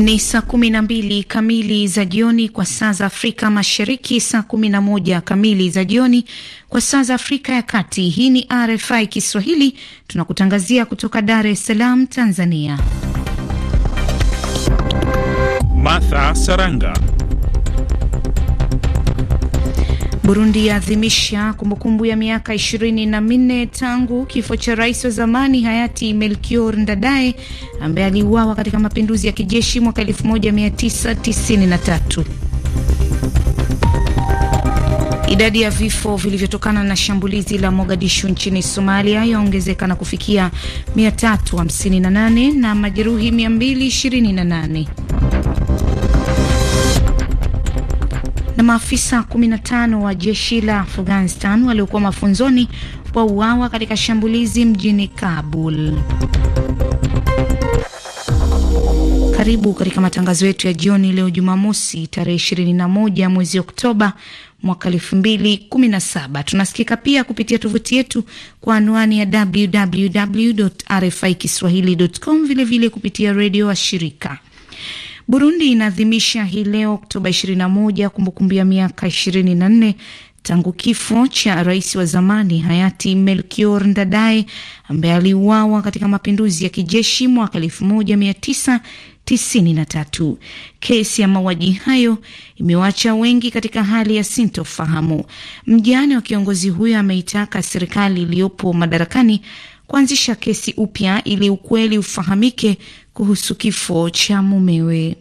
Ni saa kumi na mbili kamili za jioni kwa saa za Afrika Mashariki, saa kumi na moja kamili za jioni kwa saa za Afrika ya Kati. Hii ni RFI Kiswahili, tunakutangazia kutoka Dar es Salaam, Tanzania. Martha Saranga. Burundi yaadhimisha kumbukumbu ya miaka ishirini na minne tangu kifo cha rais wa zamani hayati Melchior Ndadaye ambaye aliuawa katika mapinduzi ya kijeshi mwaka 1993. Idadi ya vifo vilivyotokana na shambulizi la Mogadishu nchini Somalia yaongezeka na kufikia 358 na majeruhi 228. na maafisa 15 wa jeshi la Afghanistan waliokuwa mafunzoni uawa katika shambulizi mjini Kabul. Karibu katika matangazo yetu ya jioni leo Jumamosi tarehe 21 mwezi Oktoba mwaka 2017. Tunasikika pia kupitia tovuti yetu kwa anwani ya www.rfikiswahili.com, vilevile kupitia redio wa shirika Burundi inaadhimisha hii leo Oktoba 21 kumbukumbu ya miaka 24 tangu kifo cha rais wa zamani hayati Melchior Ndadaye ambaye aliuawa katika mapinduzi ya kijeshi mwaka 1993. Kesi ya mauaji hayo imewacha wengi katika hali ya sintofahamu. Mjane wa kiongozi huyo ameitaka serikali iliyopo madarakani kuanzisha kesi upya ili ukweli ufahamike kuhusu kifo cha mumewe.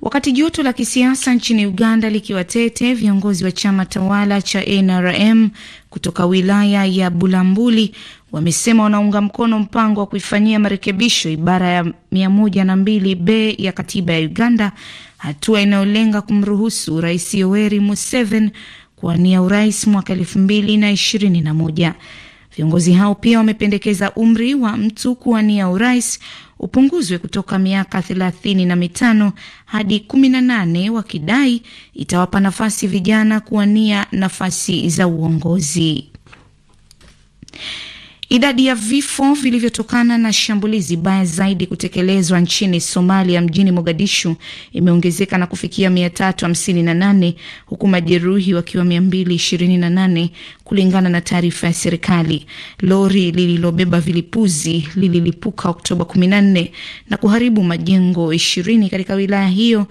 Wakati joto la kisiasa nchini Uganda likiwa tete, viongozi wa chama tawala cha NRM kutoka wilaya ya Bulambuli wamesema wanaunga mkono mpango wa kuifanyia marekebisho ibara ya mia b ya katiba ya Uganda, hatua inayolenga kumruhusu Rais Yoweri Museveni kuwania urais mwaka elfu na Viongozi hao pia wamependekeza umri wa mtu kuwania urais upunguzwe kutoka miaka thelathini na mitano hadi kumi na nane wakidai itawapa nafasi vijana kuwania nafasi za uongozi. Idadi ya vifo vilivyotokana na shambulizi baya zaidi kutekelezwa nchini Somalia mjini Mogadishu imeongezeka na kufikia 358 huku majeruhi wakiwa 228 kulingana na taarifa ya serikali. Lori lililobeba vilipuzi lililipuka Oktoba 14 na kuharibu majengo 20 katika wilaya hiyo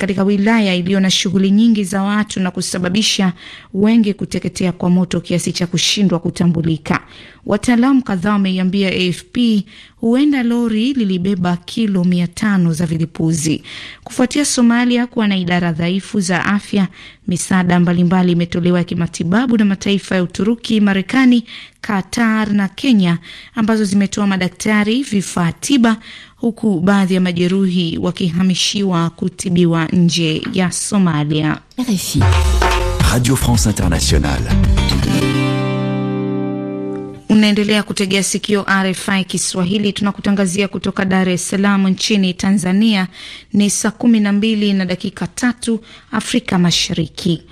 katika wilaya iliyo na shughuli nyingi za watu na kusababisha wengi kuteketea kwa moto kiasi cha kushindwa kutambulika. Wataalamu kadhaa wameiambia AFP huenda lori lilibeba kilo mia tano za vilipuzi. Kufuatia Somalia kuwa na idara dhaifu za afya, misaada mbalimbali imetolewa ya kimatibabu na mataifa ya Uturuki, Marekani, Qatar na Kenya ambazo zimetoa madaktari, vifaa tiba huku baadhi ya majeruhi wakihamishiwa kutibiwa nje ya Somalia. RFI, Radio France Internationale. Unaendelea kutegea sikio RFI Kiswahili, tunakutangazia kutoka Dar es Salaam nchini Tanzania. Ni saa kumi na mbili na dakika tatu Afrika Mashariki.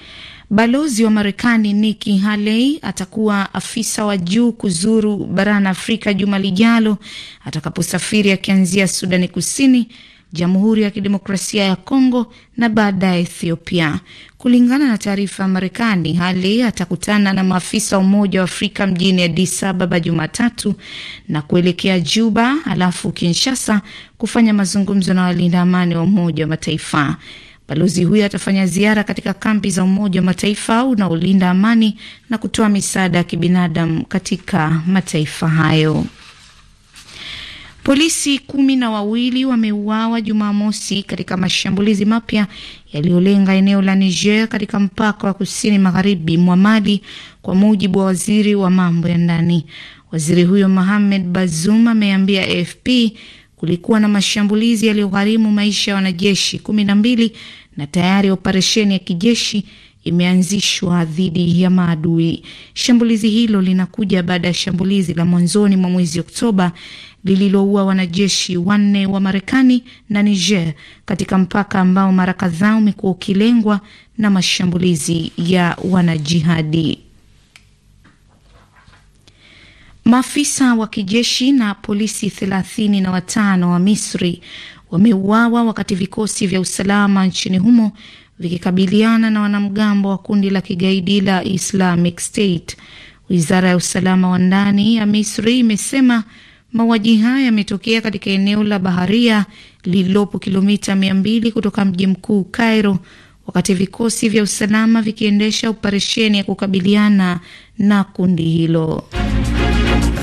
Balozi wa Marekani Nikki Haley atakuwa afisa wa juu kuzuru barani Afrika juma lijalo atakaposafiri akianzia Sudani Kusini, Jamhuri ya Kidemokrasia ya Kongo na baadaye Ethiopia. Kulingana na taarifa ya Marekani, Hali atakutana na maafisa wa Umoja wa Afrika mjini Addis Ababa Jumatatu na kuelekea Juba halafu Kinshasa kufanya mazungumzo na walinda amani wa Umoja wa Mataifa. Balozi huyo atafanya ziara katika kambi za Umoja wa Mataifa unaolinda amani na kutoa misaada ya kibinadamu katika mataifa hayo. Polisi kumi na wawili wameuawa Jumamosi katika mashambulizi mapya yaliyolenga eneo la Niger katika mpaka wa kusini magharibi mwa Mali, kwa mujibu wa waziri wa mambo ya ndani. Waziri huyo Mohamed Bazoum ameambia AFP kulikuwa na mashambulizi yaliyogharimu maisha ya wanajeshi kumi na mbili na tayari operesheni ya kijeshi imeanzishwa dhidi ya maadui. Shambulizi hilo linakuja baada ya shambulizi la mwanzoni mwa mwezi Oktoba lililoua wanajeshi wanne wa Marekani na Niger katika mpaka ambao mara kadhaa umekuwa ukilengwa na mashambulizi ya wanajihadi. Maafisa wa kijeshi na polisi thelathini na watano wa Misri wameuawa wakati vikosi vya usalama nchini humo vikikabiliana na wanamgambo wa kundi la kigaidi la Islamic State. Wizara ya usalama wa ndani ya Misri imesema mauaji haya yametokea katika eneo la baharia lililopo kilomita 200 kutoka mji mkuu Cairo, wakati vikosi vya usalama vikiendesha operesheni ya kukabiliana na kundi hilo.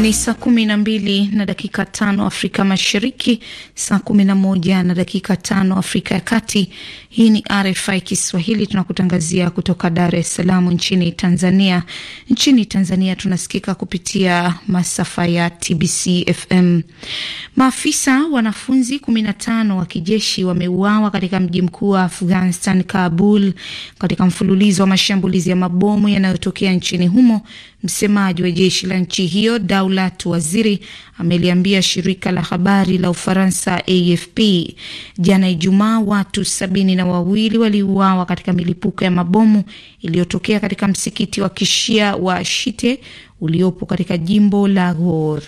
Ni saa kumi na mbili na dakika tano Afrika Mashariki, saa kumi na moja na dakika tano Afrika ya Kati. Hii ni RFI Kiswahili, tunakutangazia kutoka Dar es Salaam nchini Tanzania. Nchini Tanzania tunasikika kupitia masafa ya TBC FM. Maafisa wanafunzi kumi na tano wa kijeshi wameuawa katika mji mkuu wa Afghanistan, Kabul, katika mfululizo wa mashambulizi ya mabomu yanayotokea nchini humo Msemaji wa jeshi la nchi hiyo Daulat Waziri ameliambia shirika la habari la Ufaransa AFP jana Ijumaa watu sabini na wawili waliuawa katika milipuko ya mabomu iliyotokea katika msikiti wa kishia wa Shite uliopo katika jimbo la Gor.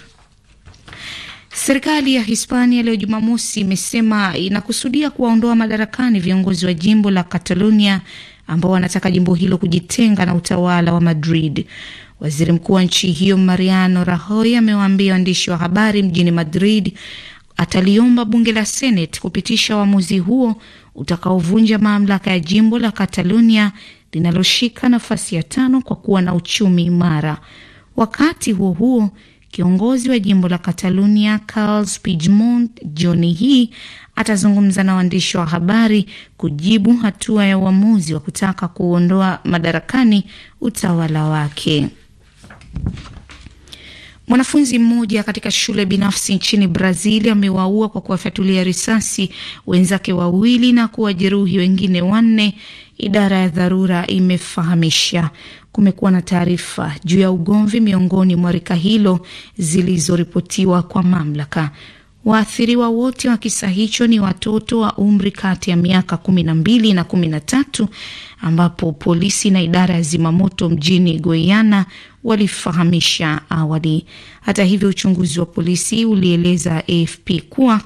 Serikali ya Hispania leo Jumamosi imesema inakusudia kuwaondoa madarakani viongozi wa jimbo la Catalonia ambao wanataka jimbo hilo kujitenga na utawala wa Madrid. Waziri mkuu wa nchi hiyo Mariano Rajoy amewaambia waandishi wa habari mjini Madrid ataliomba bunge la Senate kupitisha uamuzi huo utakaovunja mamlaka ya jimbo la Catalonia linaloshika nafasi ya tano kwa kuwa na uchumi imara. Wakati huo huo, kiongozi wa jimbo la Catalonia Carles Puigdemont jioni hii atazungumza na waandishi wa habari kujibu hatua ya uamuzi wa kutaka kuondoa madarakani utawala wake. Mwanafunzi mmoja katika shule binafsi nchini Brazil amewaua kwa kuwafyatulia risasi wenzake wawili na kuwajeruhi wengine wanne, idara ya dharura imefahamisha. Kumekuwa na taarifa juu ya ugomvi miongoni mwa rika hilo zilizoripotiwa kwa mamlaka. Waathiriwa wote wa kisa hicho ni watoto wa umri kati ya miaka kumi na mbili na kumi na tatu ambapo polisi na idara ya zimamoto mjini Goiana walifahamisha awali. Hata hivyo, uchunguzi wa polisi ulieleza AFP kuwa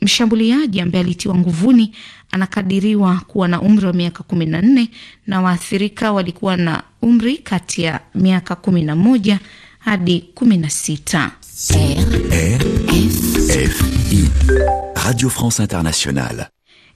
mshambuliaji ambaye alitiwa nguvuni anakadiriwa kuwa na umri wa miaka kumi na nne na waathirika walikuwa na umri kati ya miaka kumi na moja hadi kumi na sita. Radio France Internationale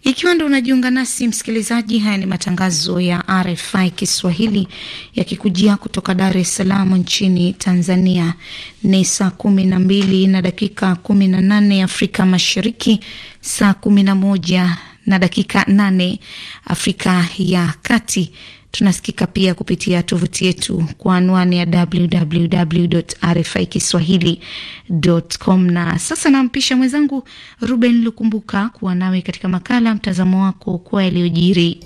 ikiwa ndo unajiunga nasi msikilizaji, haya ni matangazo ya RFI Kiswahili yakikujia kutoka Dar es Salaam nchini Tanzania. Ni saa kumi na mbili na dakika kumi na nane Afrika Mashariki, saa kumi na moja na dakika nane Afrika ya Kati. Tunasikika pia kupitia tovuti yetu kwa anwani ya www RFI kiswahilicom. Na sasa nampisha mwenzangu Ruben Lukumbuka kuwa nawe katika makala mtazamo wako kwa yaliyojiri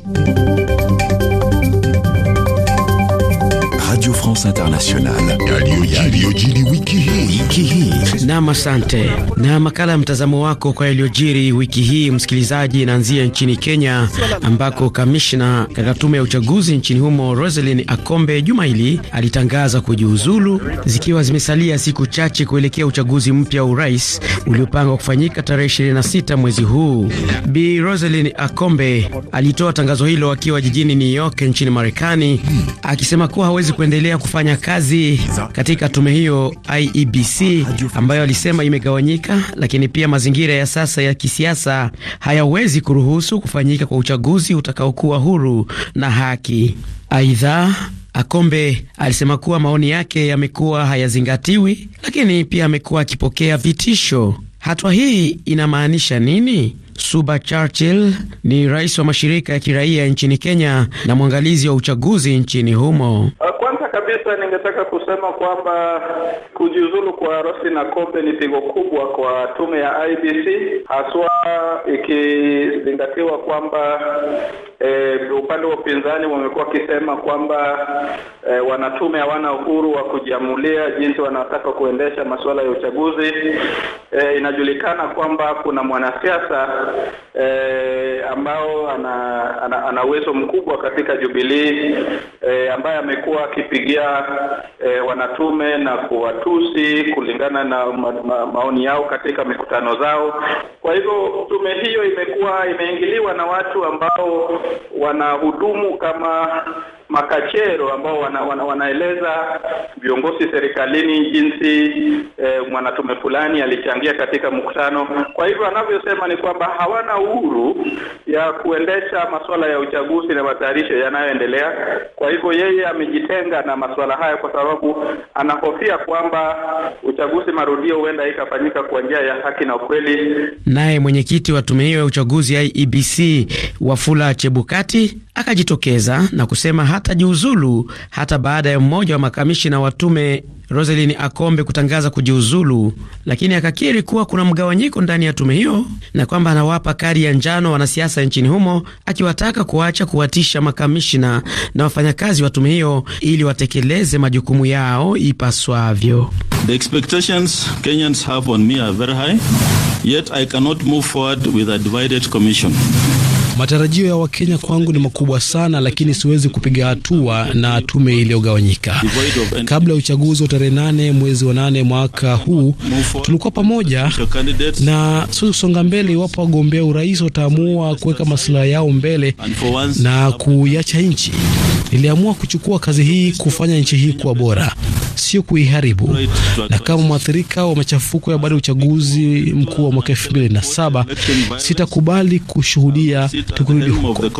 France Internationale Nam, asante na makala ya mtazamo wako kwa yaliyojiri wiki hii, msikilizaji, inaanzia nchini Kenya ambako kamishna katika tume ya uchaguzi nchini humo Roselyn Akombe juma hili alitangaza kujiuzulu zikiwa zimesalia siku chache kuelekea uchaguzi mpya wa urais uliopangwa kufanyika tarehe 26 mwezi huu. Bi Roselyn Akombe alitoa tangazo hilo akiwa jijini New York nchini Marekani akisema kuwa hawezi kuendelea anaendelea kufanya kazi katika tume hiyo IEBC ambayo alisema imegawanyika, lakini pia mazingira ya sasa ya kisiasa hayawezi kuruhusu kufanyika kwa uchaguzi utakaokuwa huru na haki. Aidha, Akombe alisema kuwa maoni yake yamekuwa hayazingatiwi, lakini pia amekuwa akipokea vitisho. Hatua hii inamaanisha nini? Suba Churchill ni rais wa mashirika ya kiraia nchini Kenya na mwangalizi wa uchaguzi nchini humo. Uh, kabisa ningetaka kusema kwamba kujiuzulu kwa Rosi na Kombe ni pigo kubwa kwa tume ya IBC haswa ikizingatiwa kwamba e, upande wa upinzani wamekuwa wakisema kwamba e, wanatume hawana uhuru wa kujiamulia jinsi wanataka kuendesha masuala ya uchaguzi. E, inajulikana kwamba kuna mwanasiasa e, ambao ana, ana, ana uwezo mkubwa katika Jubilee e, ambaye amekuwa akipi kuwapigia e, eh, wanatume na kuwatusi kulingana na ma, ma, maoni yao katika mikutano zao. Kwa hivyo tume hiyo imekuwa imeingiliwa na watu ambao wanahudumu kama makachero ambao wana, wana, wanaeleza viongozi serikalini jinsi eh, mwanatume fulani alichangia katika mkutano. Kwa hivyo anavyosema ni kwamba hawana uhuru ya kuendesha masuala ya uchaguzi na matayarisho yanayoendelea. Kwa hivyo yeye amejitenga na masuala haya kwa sababu anahofia kwamba uchaguzi marudio huenda ikafanyika kwa njia ya haki na ukweli. Naye mwenyekiti wa tume hiyo ya uchaguzi IEBC Wafula Chebukati akajitokeza na kusema hatajiuzulu hata baada ya mmoja wa makamishina wa tume Roselin Akombe kutangaza kujiuzulu, lakini akakiri kuwa kuna mgawanyiko ndani ya tume hiyo na kwamba anawapa kari ya njano wanasiasa nchini humo, akiwataka kuacha kuwatisha makamishina na wafanyakazi wa tume hiyo ili watekeleze majukumu yao ipaswavyo. yet I cannot move forward with a divided commission. Matarajio ya Wakenya kwangu ni makubwa sana, lakini siwezi kupiga hatua na tume iliyogawanyika. Kabla ya uchaguzi wa tarehe nane mwezi wa nane mwaka huu tulikuwa pamoja na siwezi kusonga mbele iwapo wagombea urais wataamua kuweka masilahi yao mbele na kuiacha nchi. Niliamua kuchukua kazi hii kufanya nchi hii kuwa bora, sio kuiharibu. Na kama mwathirika wa machafuko ya baada ya uchaguzi mkuu wa mwaka elfu mbili na saba sitakubali kushuhudia tukirudi huko.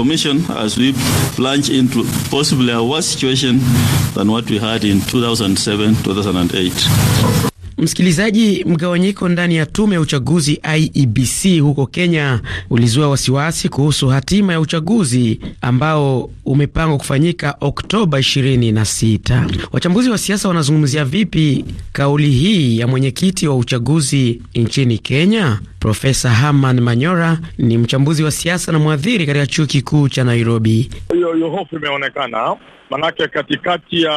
Msikilizaji, mgawanyiko ndani ya tume ya uchaguzi IEBC huko Kenya ulizua wasiwasi kuhusu hatima ya uchaguzi ambao umepangwa kufanyika Oktoba 26. Wachambuzi wa siasa wanazungumzia vipi kauli hii ya mwenyekiti wa uchaguzi nchini Kenya? Profesa haman Manyora ni mchambuzi wa siasa na mwadhiri katika chuo kikuu cha Nairobi. Hiyo hofu imeonekana manake katikati ya,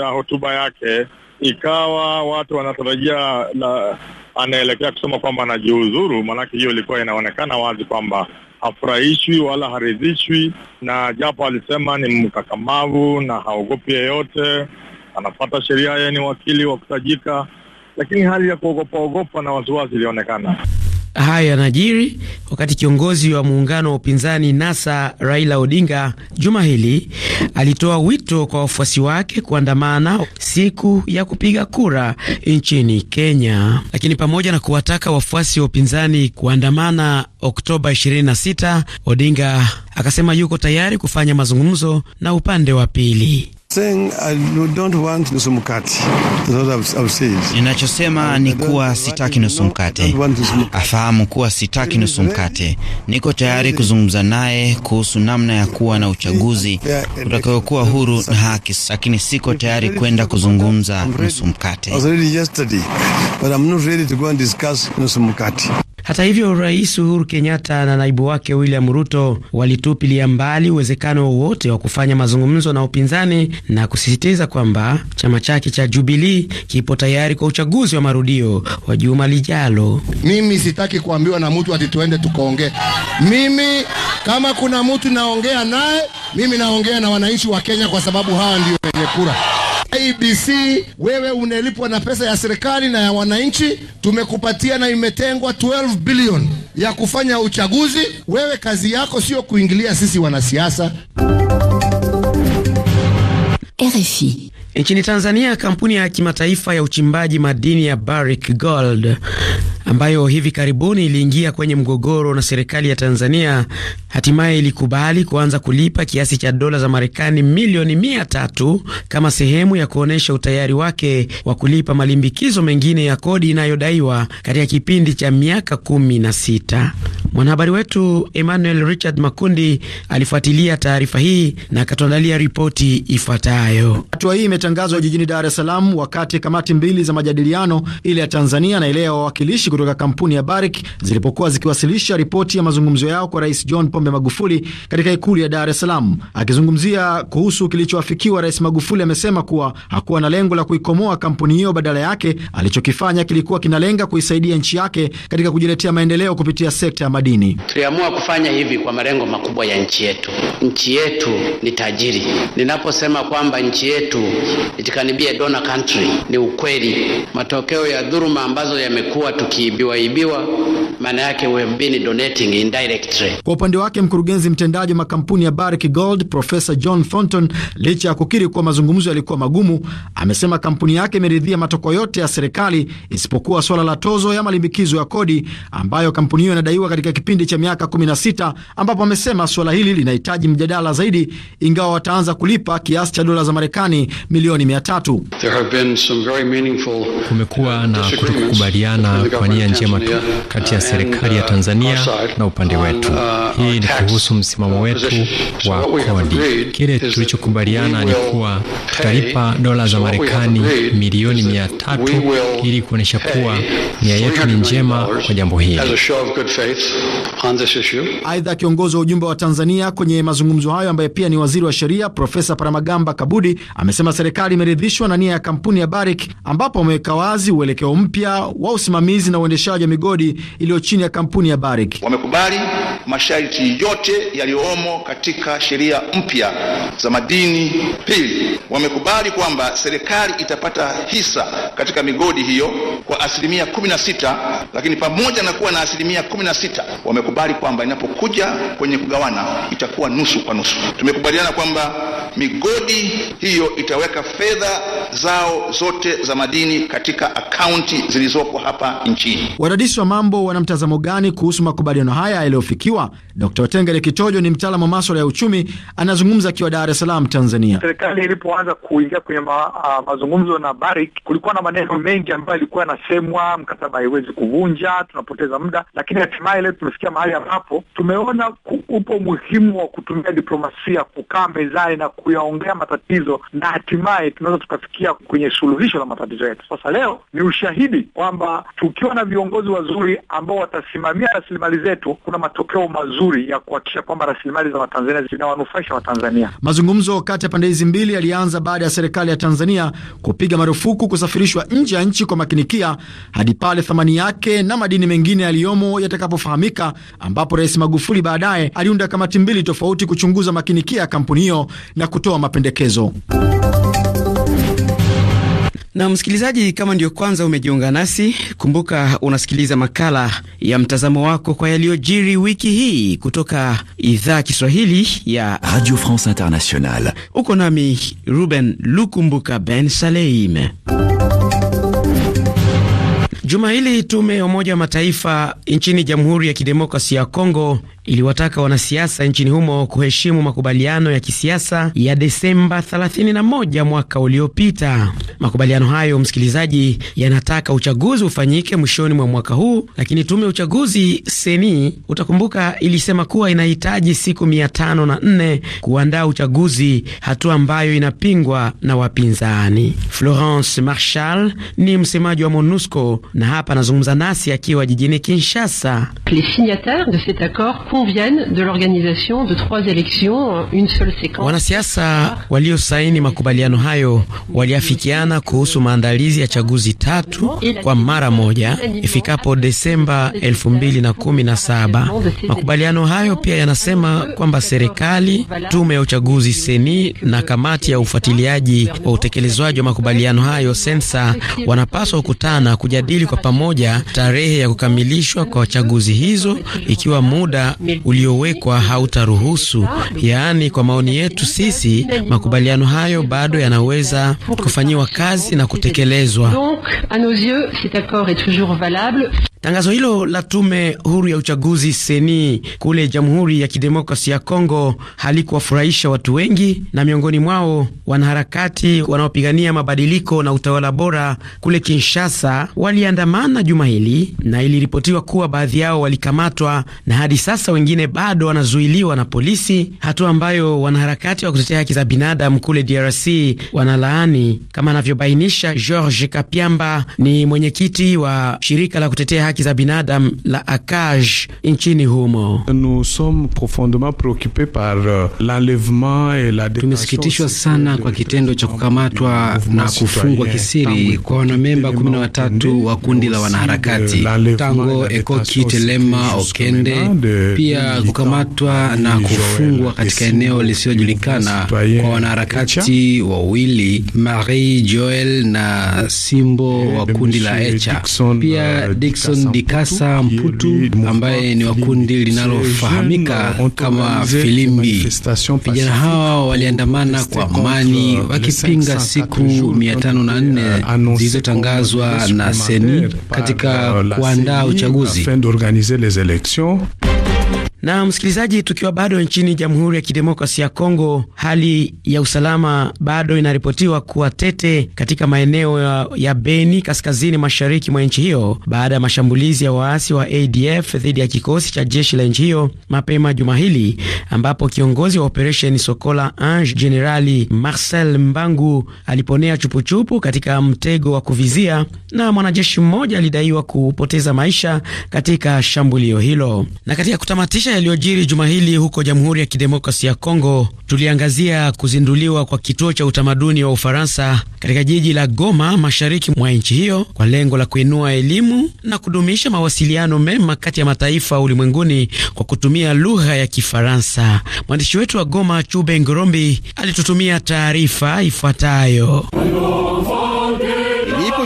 ya hotuba yake ikawa watu wanatarajia la, anaelekea kusema kwamba anajiuzuru, maanake hiyo ilikuwa inaonekana wazi kwamba hafurahishwi wala haridhishwi na, japo alisema ni mkakamavu na haogopi yeyote, anafata sheria, yeye ni wakili wa kutajika, lakini hali ya kuogopa ogopa na wasiwasi ilionekana. Hayo yanajiri wakati kiongozi wa muungano wa upinzani NASA Raila Odinga juma hili alitoa wito kwa wafuasi wake kuandamana siku ya kupiga kura nchini Kenya, lakini pamoja na kuwataka wafuasi wa upinzani kuandamana Oktoba 26, Odinga akasema yuko tayari kufanya mazungumzo na upande wa pili. Saying, I don't want nusu mkate. Ninachosema ni kuwa sitaki nusu mkate. Afahamu kuwa sitaki nusu mkate. Niko tayari kuzungumza naye kuhusu namna ya kuwa na uchaguzi utakayokuwa huru na haki, lakini siko tayari kwenda kuzungumza nusu mkate. Hata hivyo, Rais Uhuru Kenyatta na naibu wake William Ruto walitupilia mbali uwezekano wowote wa kufanya mazungumzo na upinzani na kusisitiza kwamba chama chake cha jubili kipo tayari kwa uchaguzi wa marudio wa juma lijalo. Mimi sitaki kuambiwa na mtu ati tuende tukaongee. Mimi kama kuna mtu naongea naye, mimi naongea na wananchi wa Kenya, kwa sababu hawa ndio wenye kura. ABC, wewe unelipwa na pesa ya serikali na ya wananchi. Tumekupatia na imetengwa 12 billion ya kufanya uchaguzi. Wewe kazi yako sio kuingilia sisi wanasiasa. RFI Nchini Tanzania, kampuni ya kimataifa ya uchimbaji madini ya Barrick Gold ambayo hivi karibuni iliingia kwenye mgogoro na serikali ya Tanzania hatimaye ilikubali kuanza kulipa kiasi cha dola za Marekani milioni mia tatu kama sehemu ya kuonyesha utayari wake wa kulipa malimbikizo mengine ya kodi inayodaiwa katika kipindi cha miaka kumi na sita. Mwanahabari wetu Emmanuel Richard Makundi alifuatilia taarifa hii na akatuandalia ripoti ifuatayo. Hatua hii yalitangazwa jijini Dar es Salaam wakati kamati mbili za majadiliano, ile ya Tanzania na ile ya wawakilishi kutoka kampuni ya Barrick zilipokuwa zikiwasilisha ripoti ya mazungumzo yao kwa Rais John Pombe Magufuli katika ikulu ya Dar es Salaam. Akizungumzia kuhusu kilichoafikiwa, Rais Magufuli amesema kuwa hakuwa na lengo la kuikomoa kampuni hiyo, badala yake alichokifanya kilikuwa kinalenga kuisaidia nchi yake katika kujiletea maendeleo kupitia sekta ya madini. Tuliamua kufanya hivi kwa malengo makubwa ya nchi yetu. Nchi yetu ni tajiri. Ninaposema kwamba nchi yetu it can be a donor country. Ni ukweli, matokeo ya dhuluma ambazo yamekuwa tukiibiwaibiwa, maana yake we have been donating indirectly. Kwa upande wake mkurugenzi mtendaji wa makampuni ya Barrick Gold Profesa John Thornton, licha ya kukiri kuwa mazungumzo yalikuwa magumu, amesema kampuni yake imeridhia matokeo yote ya serikali isipokuwa swala la tozo ya malimbikizo ya kodi ambayo kampuni hiyo inadaiwa katika kipindi cha miaka 16 ambapo amesema suala hili linahitaji mjadala zaidi, ingawa wataanza kulipa kiasi cha dola za Marekani milioni mia tatu. Kumekuwa uh, na kutokukubaliana kwa nia njema tu kati ya uh, serikali ya Tanzania na upande wetu. Uh, Hii ni kuhusu msimamo wetu wa kodi. Kile tulichokubaliana ni kuwa tutalipa dola za Marekani milioni mia tatu ili kuonyesha kuwa nia yetu ni njema kwa jambo hili. Aidha, kiongozi wa ujumbe wa Tanzania kwenye mazungumzo hayo ambaye pia ni waziri wa sheria Profesa Paramagamba Kabudi amesema serikali imeridhishwa na nia ya kampuni ya Barrick ambapo wameweka wazi uelekeo mpya wa usimamizi na uendeshaji wa migodi iliyo chini ya kampuni ya Barrick. Wamekubali masharti yote yaliyomo katika sheria mpya za madini. Pili, wamekubali kwamba serikali itapata hisa katika migodi hiyo kwa asilimia sita lakini pamoja na kuwa na asilimia sita wamekubali kwamba inapokuja kwenye kugawana itakuwa nusu kwa nusu. Tumekubaliana kwamba migodi hiyo itaweka kuweka fedha zao zote za madini katika akaunti zilizopo hapa nchini. Wadadisi wa mambo wana mtazamo gani kuhusu makubaliano haya yaliyofikiwa? Dr. Wetengere Kitojo ni mtaalamu wa maswala ya uchumi, anazungumza akiwa Dar es Salaam, Tanzania. Serikali ilipoanza kuingia kwenye ma, uh, mazungumzo na Barik, kulikuwa na maneno mengi ambayo ilikuwa yanasemwa, mkataba haiwezi kuvunja, tunapoteza muda, lakini hatimaye leo tumefikia mahali ambapo tumeona upo umuhimu wa kutumia diplomasia, kukaa mezani na kuyaongea matatizo na hatimaye hatimaye tunaweza tukafikia kwenye suluhisho la matatizo yetu. Sasa leo ni ushahidi kwamba tukiwa na viongozi wazuri ambao watasimamia rasilimali zetu, kuna matokeo mazuri ya kuhakikisha kwamba rasilimali za Watanzania zinawanufaisha Watanzania. Mazungumzo kati ya pande hizi mbili yalianza baada ya serikali ya Tanzania kupiga marufuku kusafirishwa nje ya nchi kwa makinikia hadi pale thamani yake na madini mengine yaliyomo yatakapofahamika, ambapo Rais Magufuli baadaye aliunda kamati mbili tofauti kuchunguza makinikia ya kampuni hiyo na kutoa mapendekezo. Na msikilizaji, kama ndio kwanza umejiunga nasi, kumbuka unasikiliza makala ya mtazamo wako kwa yaliyojiri wiki hii kutoka idhaa Kiswahili ya Radio France Internationale. Uko nami Ruben Lukumbuka Ben saleime Juma hili tume ya Umoja wa Mataifa nchini Jamhuri ya kidemokrasi ya Kongo iliwataka wanasiasa nchini humo kuheshimu makubaliano ya kisiasa ya Desemba 31 mwaka uliopita. Makubaliano hayo, msikilizaji, yanataka uchaguzi ufanyike mwishoni mwa mwaka huu, lakini tume ya uchaguzi seni, utakumbuka, ilisema kuwa inahitaji siku mia na kuandaa uchaguzi, hatua ambayo inapingwa na wapinzani. Florence Marshal ni msemaji wa MONUSCO na hapa anazungumza nasi akiwa jijini Kinshasa. Wanasiasa waliosaini makubaliano hayo waliafikiana kuhusu maandalizi ya chaguzi tatu kwa mara moja ifikapo Desemba 2017. Makubaliano hayo pia yanasema kwamba serikali, tume ya uchaguzi seni na kamati ya ufuatiliaji wa utekelezwaji wa makubaliano hayo sensa wanapaswa kukutana kujadili kwa pamoja tarehe ya kukamilishwa kwa chaguzi hizo ikiwa muda uliowekwa hautaruhusu. Yaani, kwa maoni yetu sisi, makubaliano hayo bado yanaweza kufanyiwa kazi na kutekelezwa. Tangazo hilo la tume huru ya uchaguzi seni kule Jamhuri ya Kidemokrasi ya Kongo halikuwafurahisha watu wengi, na miongoni mwao wanaharakati wanaopigania mabadiliko na utawala bora kule Kinshasa waliandamana juma hili, na iliripotiwa kuwa baadhi yao walikamatwa na hadi sasa wengine bado wanazuiliwa na polisi, hatua ambayo wanaharakati wa kutetea haki za binadamu kule DRC wanalaani, kama anavyobainisha George Kapiamba, ni mwenyekiti wa shirika la kutetea haki haki za binadamu la ACAJ nchini humo. Euh, Tumesikitishwa sana kwa kitendo cha kukamatwa na kufungwa kisiri kwa wanamemba kumi na watatu wa kundi la wanaharakati Tango Ekoki Telema Okende, pia kukamatwa na kufungwa katika eneo lisiyojulikana kwa wanaharakati wawili Marie Joel na Simbo wa kundi la Echa, pia euh, Dikson Ndikasa Mputu ambaye ni wa kundi linalofahamika kama Filimbi. Vijana hawa waliandamana kwa amani wakipinga siku 504 zilizotangazwa na seni katika kuandaa uchaguzi. Na msikilizaji, tukiwa bado nchini Jamhuri ya Kidemokrasia ya Kongo, hali ya usalama bado inaripotiwa kuwa tete katika maeneo ya, ya Beni kaskazini mashariki mwa nchi hiyo baada ya mashambulizi ya waasi wa ADF dhidi ya kikosi cha jeshi la nchi hiyo mapema juma hili, ambapo kiongozi wa operesheni Sokola Ange Jenerali Marcel Mbangu aliponea chupuchupu katika mtego wa kuvizia na mwanajeshi mmoja alidaiwa kupoteza maisha katika shambulio hilo. Na katika kutamatisha kukumbusha yaliyojiri juma hili huko Jamhuri ya Kidemokrasi ya Kongo, tuliangazia kuzinduliwa kwa kituo cha utamaduni wa Ufaransa katika jiji la Goma, mashariki mwa nchi hiyo, kwa lengo la kuinua elimu na kudumisha mawasiliano mema kati ya mataifa ulimwenguni kwa kutumia lugha ya Kifaransa. Mwandishi wetu wa Goma, Chube Ngorombi, alitutumia taarifa ifuatayo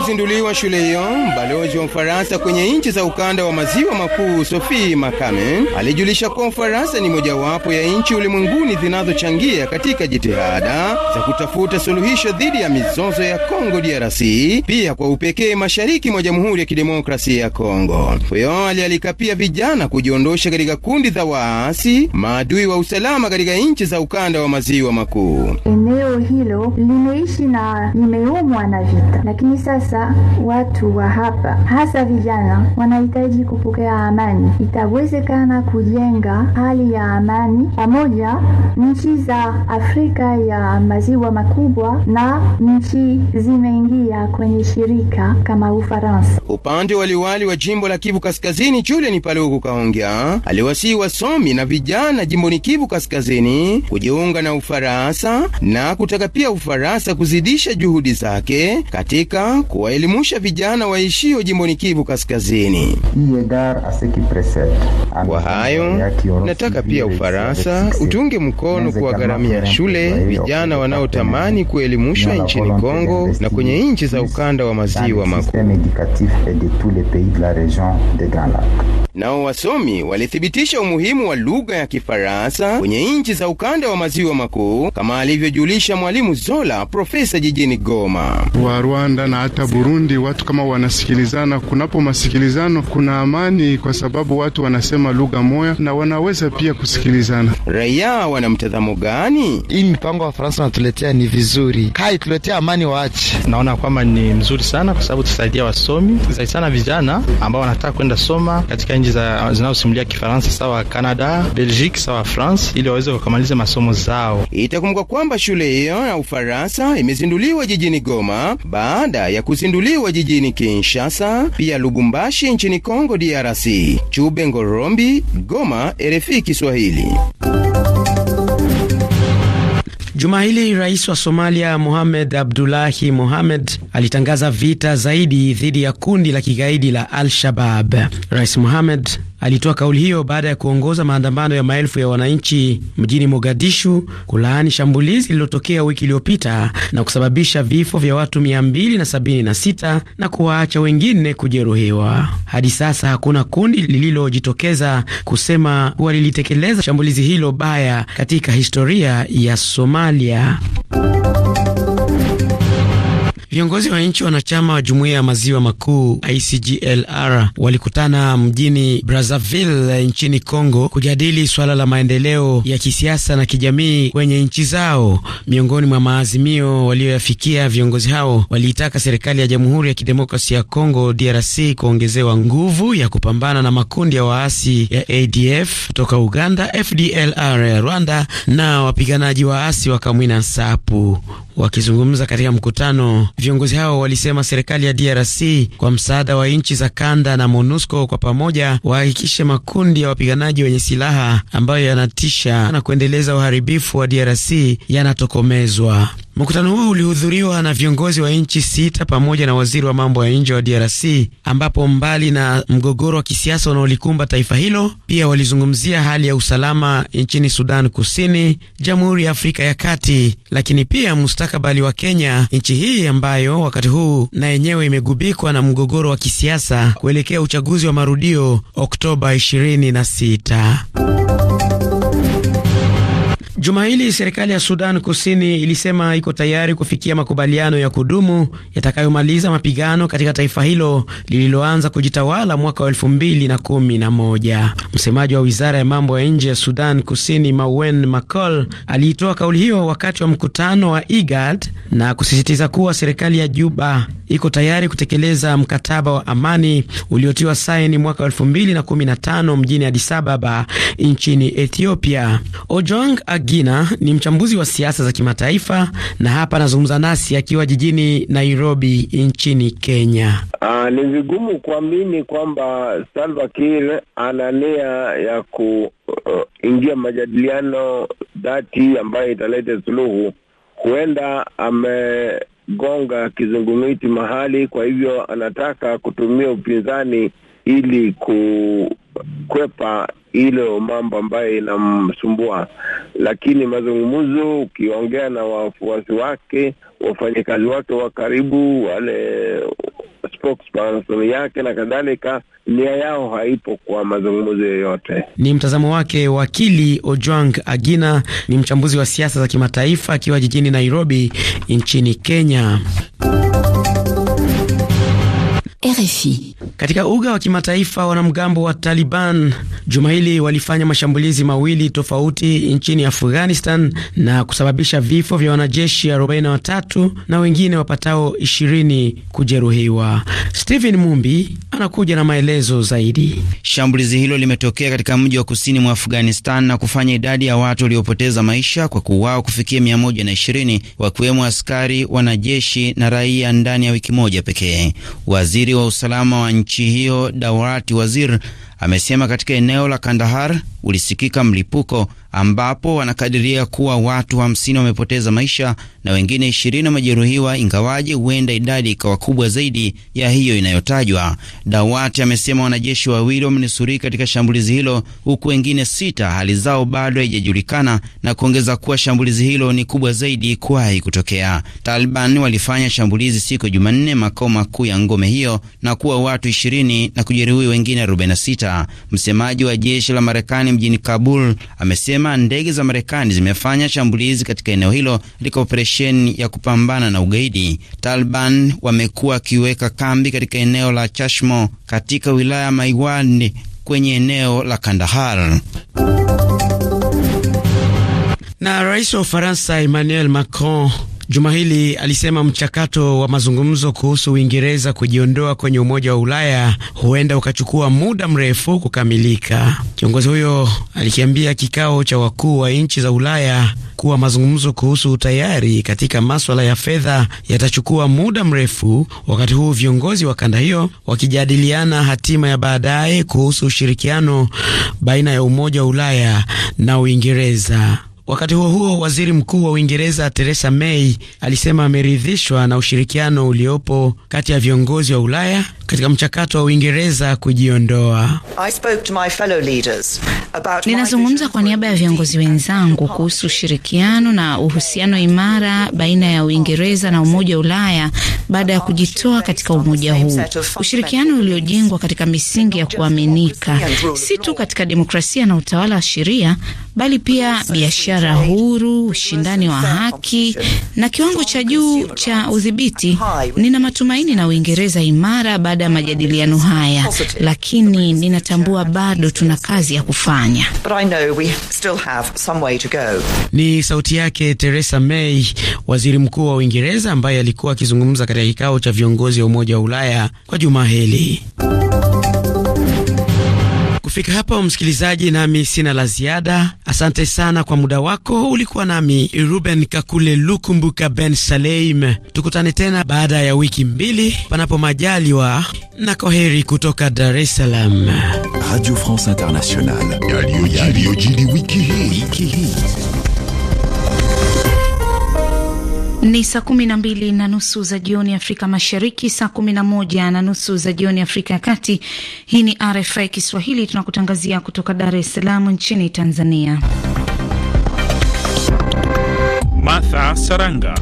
kuzinduliwa shule hiyo, balozi wa Ufaransa kwenye nchi za ukanda wa maziwa makuu Sophie Makame alijulisha kuwa Ufaransa ni mojawapo ya nchi ulimwenguni zinazochangia katika jitihada za kutafuta suluhisho dhidi ya mizozo ya Kongo DRC, pia kwa upekee mashariki mwa Jamhuri ya Kidemokrasia ya Kongo. Huyo alialika pia vijana kujiondosha katika kundi za waasi maadui wa usalama katika nchi za ukanda wa maziwa makuu. Eneo hilo limeishi na limeumwa na vita, lakini sasa sasa watu wa hapa, hasa vijana, wanahitaji kupokea amani. Itawezekana kujenga hali ya amani pamoja nchi za Afrika ya maziwa makubwa na nchi zimeingia kwenye shirika kama Ufaransa. Upande wa liwali wa jimbo la Kivu Kaskazini, Julien Paluku Kaongea aliwasihi wasomi na vijana jimboni Kivu Kaskazini kujiunga na Ufaransa na kutaka pia Ufaransa kuzidisha juhudi zake katika ku waelimusha vijana waishio jimboni Kivu Kaskazini. Kwa hayo nataka pia Ufaransa utunge mkono kuwagharamia shule vijana wanaotamani kuelimushwa nchini Kongo na kwenye nchi za ukanda wa maziwa makuu. Nao wasomi walithibitisha umuhimu wa lugha ya Kifaransa kwenye nchi za ukanda wa maziwa makuu kama alivyojulisha mwalimu Zola, profesa jijini Goma wa Rwanda na hata Burundi watu kama wanasikilizana, kunapo masikilizano kuna amani, kwa sababu watu wanasema lugha moya na wanaweza pia kusikilizana. Raia wana mtazamo gani? Hii mipango wa Faransa wanatuletea ni vizuri, kai tuletea amani waache. Naona kwamba ni mzuri sana, kwa sababu tusaidia wasomi zaidi sana vijana ambao wanataka kwenda soma katika nchi zinazosimulia Kifaransa sawa Canada, Belgique sawa France, ili waweze wakamaliza masomo zao. Itakumbuka kwamba shule hiyo ya Ufaransa imezinduliwa jijini Goma baada ya kuzi kuzinduliwa jijini Kinshasa, pia Lubumbashi nchini Kongo DRC. Chube Ngorombi, Goma, RFI Kiswahili. Juma hili rais wa Somalia Mohamed Abdullahi Mohamed alitangaza vita zaidi dhidi ya kundi la kigaidi la Al-Shabab. Rais Mohamed Alitoa kauli hiyo baada ya kuongoza maandamano ya maelfu ya wananchi mjini Mogadishu kulaani shambulizi lililotokea wiki iliyopita na kusababisha vifo vya watu 276 na, na kuwaacha wengine kujeruhiwa. Hadi sasa hakuna kundi lililojitokeza kusema kuwa lilitekeleza shambulizi hilo baya katika historia ya Somalia. Viongozi wa nchi wanachama wa jumuiya ya maziwa makuu ICGLR walikutana mjini Brazzaville nchini congo kujadili suala la maendeleo ya kisiasa na kijamii kwenye nchi zao. Miongoni mwa maazimio walioyafikia, viongozi hao waliitaka serikali ya Jamhuri ya Kidemokrasia ya congo DRC kuongezewa nguvu ya kupambana na makundi ya waasi ya ADF kutoka Uganda, FDLR ya Rwanda na wapiganaji waasi wa Kamwina Nsapu Wakizungumza katika mkutano, viongozi hao walisema serikali ya DRC kwa msaada wa nchi za kanda na MONUSCO kwa pamoja wahakikishe makundi ya wapiganaji wenye silaha ambayo yanatisha na kuendeleza uharibifu wa DRC yanatokomezwa. Mkutano huo ulihudhuriwa na viongozi wa nchi sita pamoja na waziri wa mambo ya nje wa DRC, ambapo mbali na mgogoro wa kisiasa unaolikumba taifa hilo, pia walizungumzia hali ya usalama nchini Sudan Kusini, Jamhuri ya Afrika ya Kati, lakini pia mustakabali wa Kenya, nchi hii ambayo wakati huu na yenyewe imegubikwa na mgogoro wa kisiasa kuelekea uchaguzi wa marudio Oktoba 26. Juma hili serikali ya Sudan Kusini ilisema iko tayari kufikia makubaliano ya kudumu yatakayomaliza mapigano katika taifa hilo lililoanza kujitawala mwaka wa elfu mbili na kumi na moja. Msemaji wa wizara ya mambo ya nje ya Sudan Kusini, Mawen Macol, aliitoa kauli hiyo wakati wa mkutano wa IGAD na kusisitiza kuwa serikali ya Juba iko tayari kutekeleza mkataba wa amani uliotiwa saini mwaka wa elfu mbili na kumi na tano mjini adisababa nchini Ethiopia. Ojong Gina ni mchambuzi wa siasa za kimataifa na hapa anazungumza nasi akiwa jijini Nairobi nchini Kenya. Uh, ni vigumu kuamini kwamba Salva Kiir ana nia ya kuingia uh, majadiliano dhati ambayo italeta suluhu. Huenda amegonga kizungumiti mahali, kwa hivyo anataka kutumia upinzani ili ku kukwepa ilo mambo ambayo inamsumbua, lakini mazungumzo, ukiongea na wafuasi wake, wafanyakazi wake wa karibu, wale spokesperson yake na kadhalika, nia yao haipo kwa mazungumzo yoyote. Ni mtazamo wake wakili Ojwang Agina, ni mchambuzi wa siasa za kimataifa akiwa jijini Nairobi nchini Kenya. RFI. Katika uga wa kimataifa, wanamgambo wa Taliban juma hili walifanya mashambulizi mawili tofauti nchini Afghanistan na kusababisha vifo vya wanajeshi 43 na wengine wapatao 20 kujeruhiwa. Stephen Mumbi anakuja na maelezo zaidi. Shambulizi hilo limetokea katika mji wa kusini mwa Afghanistan na kufanya idadi ya watu waliopoteza maisha kwa kuuawa kufikia 120 wakiwemo askari, wanajeshi na raia ndani ya wiki moja pekee. Waziri waziri wa usalama wa nchi hiyo Dawati Wazir amesema katika eneo la Kandahar ulisikika mlipuko ambapo wanakadiria kuwa watu 50 wa wamepoteza maisha na wengine 20 wamejeruhiwa, ingawaje huenda idadi ikawa kubwa zaidi ya hiyo inayotajwa. Dawati amesema wanajeshi wawili wamenusurika katika shambulizi hilo, huku wengine sita hali zao bado haijajulikana, na kuongeza kuwa shambulizi hilo ni kubwa zaidi kuwahi kutokea. Taliban walifanya shambulizi siku ya Jumanne makao makuu ya ngome hiyo na kuwa watu 20 na kujeruhi wengine 46. Amerika. Msemaji wa jeshi la Marekani mjini Kabul amesema ndege za Marekani zimefanya shambulizi katika eneo hilo katika operesheni ya kupambana na ugaidi. Taliban wamekuwa wakiweka kambi katika eneo la Chashmo katika wilaya ya Maiwand kwenye eneo la Kandahar. Na rais wa Ufaransa Emmanuel Macron juma hili alisema mchakato wa mazungumzo kuhusu Uingereza kujiondoa kwenye Umoja wa Ulaya huenda ukachukua muda mrefu kukamilika. Kiongozi huyo alikiambia kikao cha wakuu wa nchi za Ulaya kuwa mazungumzo kuhusu utayari katika maswala ya fedha yatachukua muda mrefu, wakati huu viongozi wa kanda hiyo wakijadiliana hatima ya baadaye kuhusu ushirikiano baina ya Umoja wa Ulaya na Uingereza. Wakati huo huo, waziri mkuu wa Uingereza Theresa May alisema ameridhishwa na ushirikiano uliopo kati ya viongozi wa Ulaya katika mchakato wa Uingereza kujiondoa. Ninazungumza kwa niaba ya viongozi wenzangu kuhusu ushirikiano na uhusiano imara baina ya Uingereza na Umoja wa Ulaya baada ya kujitoa katika umoja huu, ushirikiano uliojengwa katika misingi ya kuaminika, si tu katika demokrasia na utawala wa sheria bali pia biashara huru, ushindani wa haki na kiwango cha juu cha udhibiti. Nina matumaini na Uingereza imara baada ya majadiliano haya, lakini ninatambua bado tuna kazi ya kufanya. Ni sauti yake Theresa May, waziri mkuu wa Uingereza, ambaye alikuwa akizungumza katika kikao cha viongozi wa Umoja wa Ulaya kwa juma hili. Kufika hapa msikilizaji, nami sina la ziada. Asante sana kwa muda wako. Ulikuwa nami Ruben Kakule Lukumbuka Ben Saleim. Tukutane tena baada ya wiki mbili, panapo majaliwa, na kwaheri kutoka Dar es Salaam. Radio France Internationale, yaliyojiri wiki hii. Ni saa kumi na mbili na nusu za jioni Afrika Mashariki, saa kumi na moja na nusu za jioni Afrika ya Kati. Hii ni RFI Kiswahili, tunakutangazia kutoka Dar es Salaam nchini Tanzania. Martha Saranga.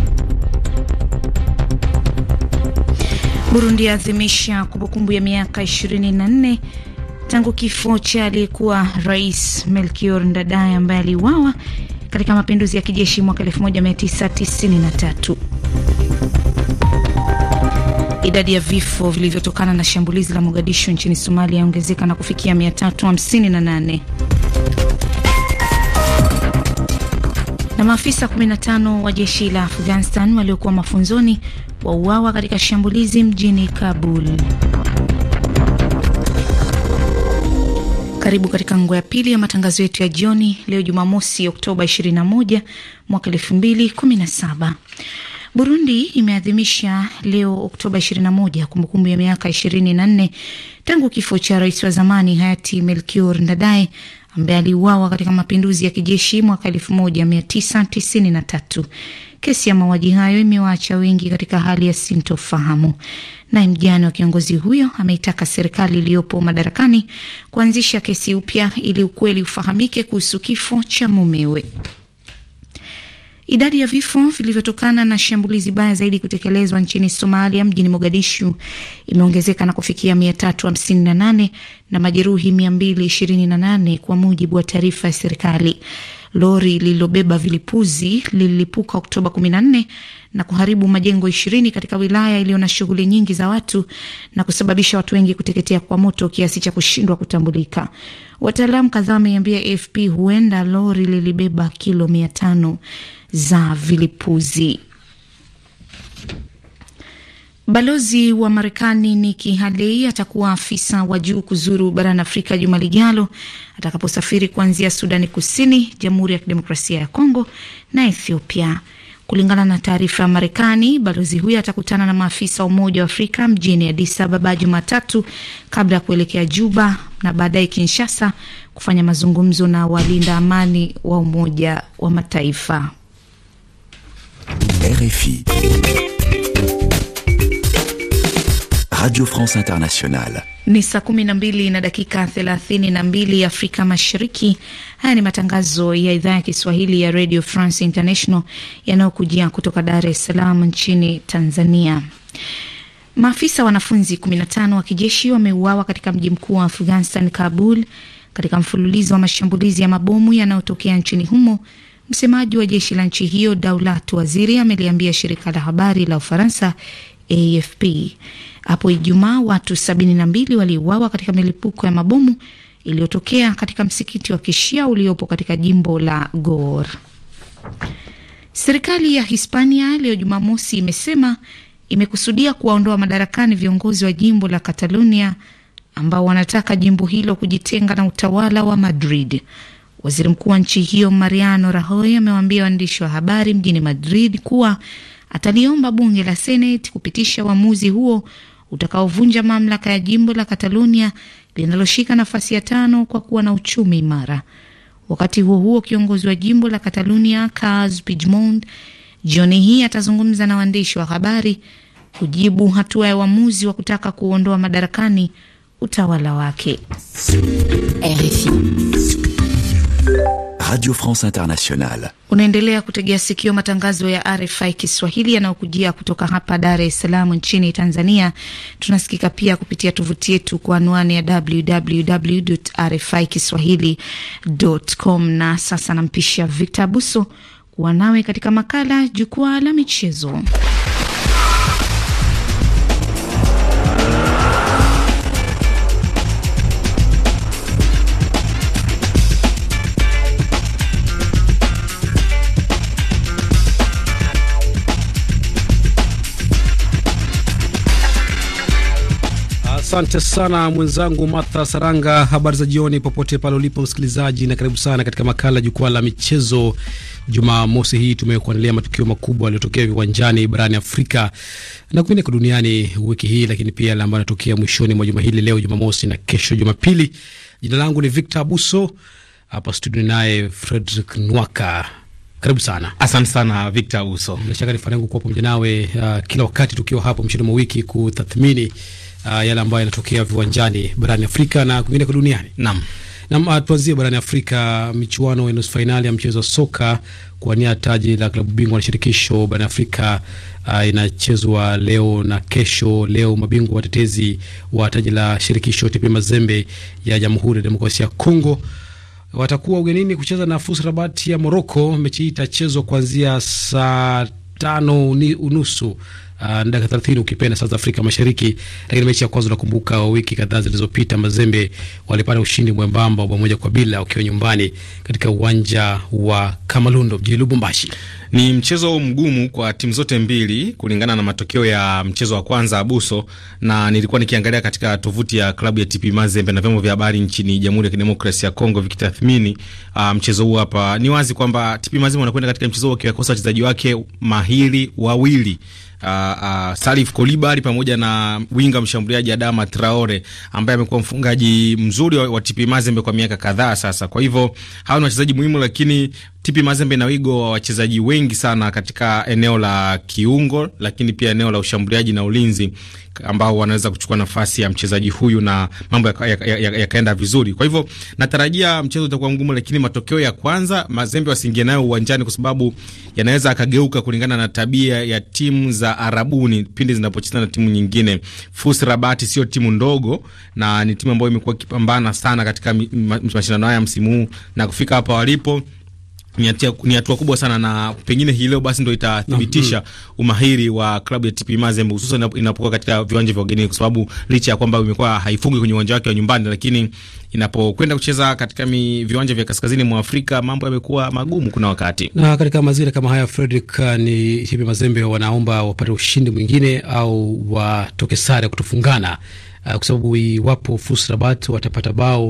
Burundi yaadhimisha kumbukumbu ya miaka 24 tangu kifo cha aliyekuwa rais Melchior Ndadaye ambaye aliuawa katika mapinduzi ya kijeshi mwaka 1993. Idadi ya vifo vilivyotokana na shambulizi la Mogadishu nchini Somalia yaongezeka na kufikia 358 na maafisa 15 wa jeshi la Afghanistan waliokuwa mafunzoni wauawa katika shambulizi mjini Kabul. Karibu katika nguo ya pili ya matangazo yetu ya jioni leo Jumamosi, Oktoba 21 mwaka 2017. Burundi imeadhimisha leo Oktoba 21 kumbukumbu ya miaka 24 tangu kifo cha rais wa zamani hayati Melchior Ndadaye ambaye aliuawa katika mapinduzi ya kijeshi mwaka 1993. Kesi ya mauaji hayo imewaacha wengi katika hali ya sintofahamu. Naye mjane wa kiongozi huyo ameitaka serikali iliyopo madarakani kuanzisha kesi upya ili ukweli ufahamike kuhusu kifo cha mumewe. Idadi ya vifo vilivyotokana na shambulizi baya zaidi kutekelezwa nchini Somalia mjini Mogadishu imeongezeka na kufikia 358 na majeruhi 228 kwa mujibu wa taarifa ya serikali. Lori lililobeba vilipuzi lililipuka Oktoba 14 na kuharibu majengo ishirini katika wilaya iliyo na shughuli nyingi za watu na kusababisha watu wengi kuteketea kwa moto kiasi cha kushindwa kutambulika. Wataalamu kadhaa wameambia AFP huenda lori lilibeba kilo mia tano za vilipuzi. Balozi wa Marekani Nikki Haley atakuwa afisa wa juu kuzuru barani Afrika juma lijalo atakaposafiri kuanzia Sudani Kusini, Jamhuri ya Kidemokrasia ya Kongo na Ethiopia. Kulingana na taarifa ya Marekani, balozi huyo atakutana na maafisa wa Umoja wa Afrika mjini Addis Ababa Jumatatu kabla ya kuelekea Juba na baadaye Kinshasa kufanya mazungumzo na walinda amani wa Umoja wa Mataifa. RFI. Radio France Internationale. Ni saa kumi na mbili na dakika thelathini na mbili Afrika Mashariki. Haya ni matangazo ya idhaa ya Kiswahili ya Radio France International yanayokujia kutoka Dar es Salaam nchini Tanzania. Maafisa wanafunzi 15 wa kijeshi wameuawa katika mji mkuu wa Afghanistan, Kabul, katika mfululizo wa mashambulizi ya mabomu yanayotokea nchini humo. Msemaji wa jeshi la nchi hiyo Daulat Waziri ameliambia shirika la habari la Ufaransa AFP. Hapo Ijumaa watu mbili waliuawa katika milipuko ya mabomu iliyotokea katika msikiti wa Kishia uliopo katika jimbo la Gor. Serikali ya Hispania leo Jumamosi imesema imekusudia kuwaondoa madarakani viongozi wa jimbo la Catalonia ambao wanataka jimbo hilo kujitenga na utawala wa Madrid. Waziri mkuu wa nchi hiyo Mariano Rajoy amewaambia waandishi wa habari mjini Madrid kuwa ataliomba bunge la Seneti kupitisha uamuzi huo utakaovunja mamlaka ya jimbo la Katalunia linaloshika nafasi ya tano kwa kuwa na uchumi imara. Wakati huo huo, kiongozi wa jimbo la Katalunia Carles Puigdemont jioni hii atazungumza na waandishi wa habari kujibu hatua ya uamuzi wa kutaka kuondoa madarakani utawala wake RFI. Radio France Internationale. Unaendelea kutegea sikio matangazo ya RFI Kiswahili yanayokujia kutoka hapa Dar es Salaam nchini Tanzania. Tunasikika pia kupitia tovuti yetu kwa anwani ya www rfi kiswahilicom Na sasa nampisha Victor Abuso kuwa nawe katika makala Jukwaa la Michezo. Asante sana mwenzangu Martha Saranga. Habari za jioni popote pale ulipo msikilizaji, na karibu sana katika makala jukwaa la michezo. Jumamosi hii tumekuandalia matukio makubwa yaliyotokea viwanjani barani Afrika na kwingineko duniani wiki hii, lakini pia yale ambayo yanatokea mwishoni mwa juma hili, leo Jumamosi na kesho Jumapili. Jina langu ni Victor Abuso, hapa studio naye Fredrick Nwaka. Karibu sana. Asante sana Victor Abuso. Bila shaka ni furaha kuwa pamoja nawe uh, kila wakati tukiwa hapo mwishoni mwa wiki kutathmini uh, yale ambayo yanatokea viwanjani barani Afrika na kwingineko duniani. Naam. Nam, uh, tuanzie barani Afrika. Michuano ya nusu fainali ya mchezo wa soka kuwania taji la klabu bingwa na shirikisho barani Afrika uh, inachezwa leo na kesho. Leo mabingwa watetezi wa taji la shirikisho TP Mazembe ya Jamhuri ya Demokrasia ya Kongo watakuwa ugenini kucheza na FUS Rabat ya Moroko. Mechi hii itachezwa kuanzia saa tano unusu Ah, dakika thelathini ukipenda South Africa Mashariki. Lakini mechi ya kwanza unakumbuka wiki kadhaa zilizopita, Mazembe walipata ushindi mwembamba bao moja kwa bila wakiwa nyumbani katika uwanja wa Kamalundo mjini Lubumbashi. Ni mchezo mgumu kwa timu zote mbili kulingana na matokeo ya mchezo wa kwanza abuso, na nilikuwa nikiangalia katika tovuti ya klabu ya TP Mazembe na vyombo vya habari nchini Jamhuri ya Kidemokrasia ya Kongo vikitathmini uh, mchezo huu hapa, ni wazi kwamba TP Mazembe wanakwenda katika mchezo huu wakiwakosa wachezaji wake mahiri wawili uh, uh, Salif kolibari pamoja na winga mshambuliaji Adama Traore ambaye amekuwa mfungaji mzuri wa, wa TP Mazembe kwa miaka kadhaa sasa. Kwa hivyo hawa ni wachezaji muhimu, lakini Tipi Mazembe na wigo wa wachezaji wengi sana katika eneo la kiungo, lakini pia eneo la ushambuliaji na ulinzi ambao wanaweza kuchukua nafasi ya mchezaji huyu na mambo yakaenda ya, ya, ya, vizuri. Kwa hivyo natarajia mchezo utakuwa mgumu, lakini matokeo ya kwanza Mazembe wasiingie nayo uwanjani, kwa sababu yanaweza akageuka kulingana na tabia ya timu za Arabuni pindi zinapocheza na timu nyingine. FUS Rabati sio timu ndogo na ni timu ambayo imekuwa ikipambana sana katika mashindano haya msimu huu na kufika hapa walipo ni hatua kubwa sana, na pengine hii leo basi ndo itathibitisha mm-hmm. umahiri wa klabu ya TP Mazembe, hususan inapokuwa katika viwanja vya ugenini, kwa sababu licha ya kwamba imekuwa haifungi kwenye uwanja wake wa nyumbani, lakini inapokwenda kucheza katika viwanja vya kaskazini mwa Afrika mambo yamekuwa magumu kuna wakati. Na katika mazingira kama haya, Fredrick, uh, ni TP Mazembe wanaomba wapate ushindi mwingine au watoke sare kutofungana uh, kwa sababu iwapo FUS Rabat watapata bao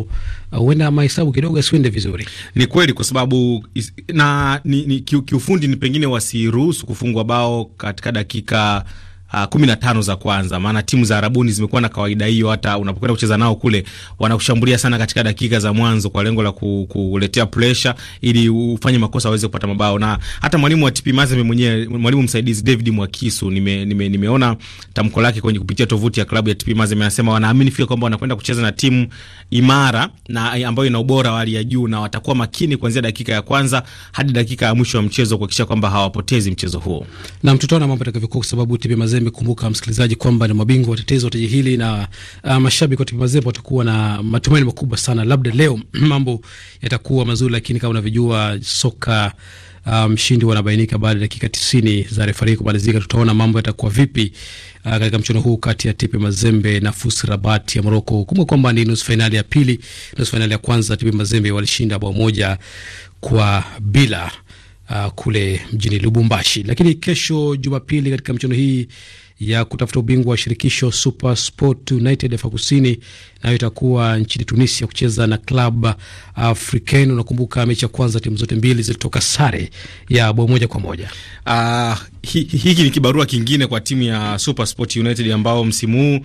uh, huenda uh, mahesabu kidogo yasiende vizuri. Ni kweli kwa sababu na ni, ni, kiufundi ni pengine wasiruhusu kufungwa bao katika dakika Ah, kumi na tano za kwanza, maana timu za Arabuni zimekuwa na kawaida hiyo. Hata unapokwenda kucheza nao kule, wanakushambulia sana katika dakika za mwanzo kwa lengo la kuletea pressure ili ufanye makosa waweze kupata mabao. Na hata mwalimu wa TP Mazembe mwenyewe, mwalimu msaidizi David Mwakisu, nime, nime, nimeona tamko lake kwenye kupitia tovuti ya klabu ya TP Mazembe, anasema wanaamini fika kwamba wanakwenda kucheza na timu imara na eh, ambayo ina ubora wa hali ya juu na watakuwa makini kuanzia dakika ya kwanza hadi dakika ya mwisho wa mchezo kuhakikisha kwamba hawapotezi mchezo huo. Na mtutaona mambo atakavyokuwa kwa sababu TP Mazembe Mazembe. Kumbuka msikilizaji kwamba ni mabingwa watetezi wa taji hili na uh, mashabiki wa TP Mazembe watakuwa na matumaini makubwa sana, labda leo mambo yatakuwa mazuri, lakini kama unavyojua soka uh, mshindi um, wanabainika baada ya dakika tisini za refari kumalizika. Tutaona mambo yatakuwa vipi uh, katika mchuano huu kati ya TP Mazembe na FUS Rabat ya Moroko. Kumbuka kwamba ni nusu fainali ya pili. Nusu fainali ya kwanza TP Mazembe walishinda bao moja kwa bila uh, kule mjini Lubumbashi. Lakini kesho Jumapili, katika michuano hii ya kutafuta ubingwa wa shirikisho Super Sport United Afrika Kusini nayo itakuwa nchini Tunisia kucheza na Club Africain. Unakumbuka mechi ya kwanza timu zote mbili zilitoka sare ya bao moja kwa moja. Uh, hiki hi, hi, ni kibarua kingine kwa timu ya Super Sport United ambao msimu huu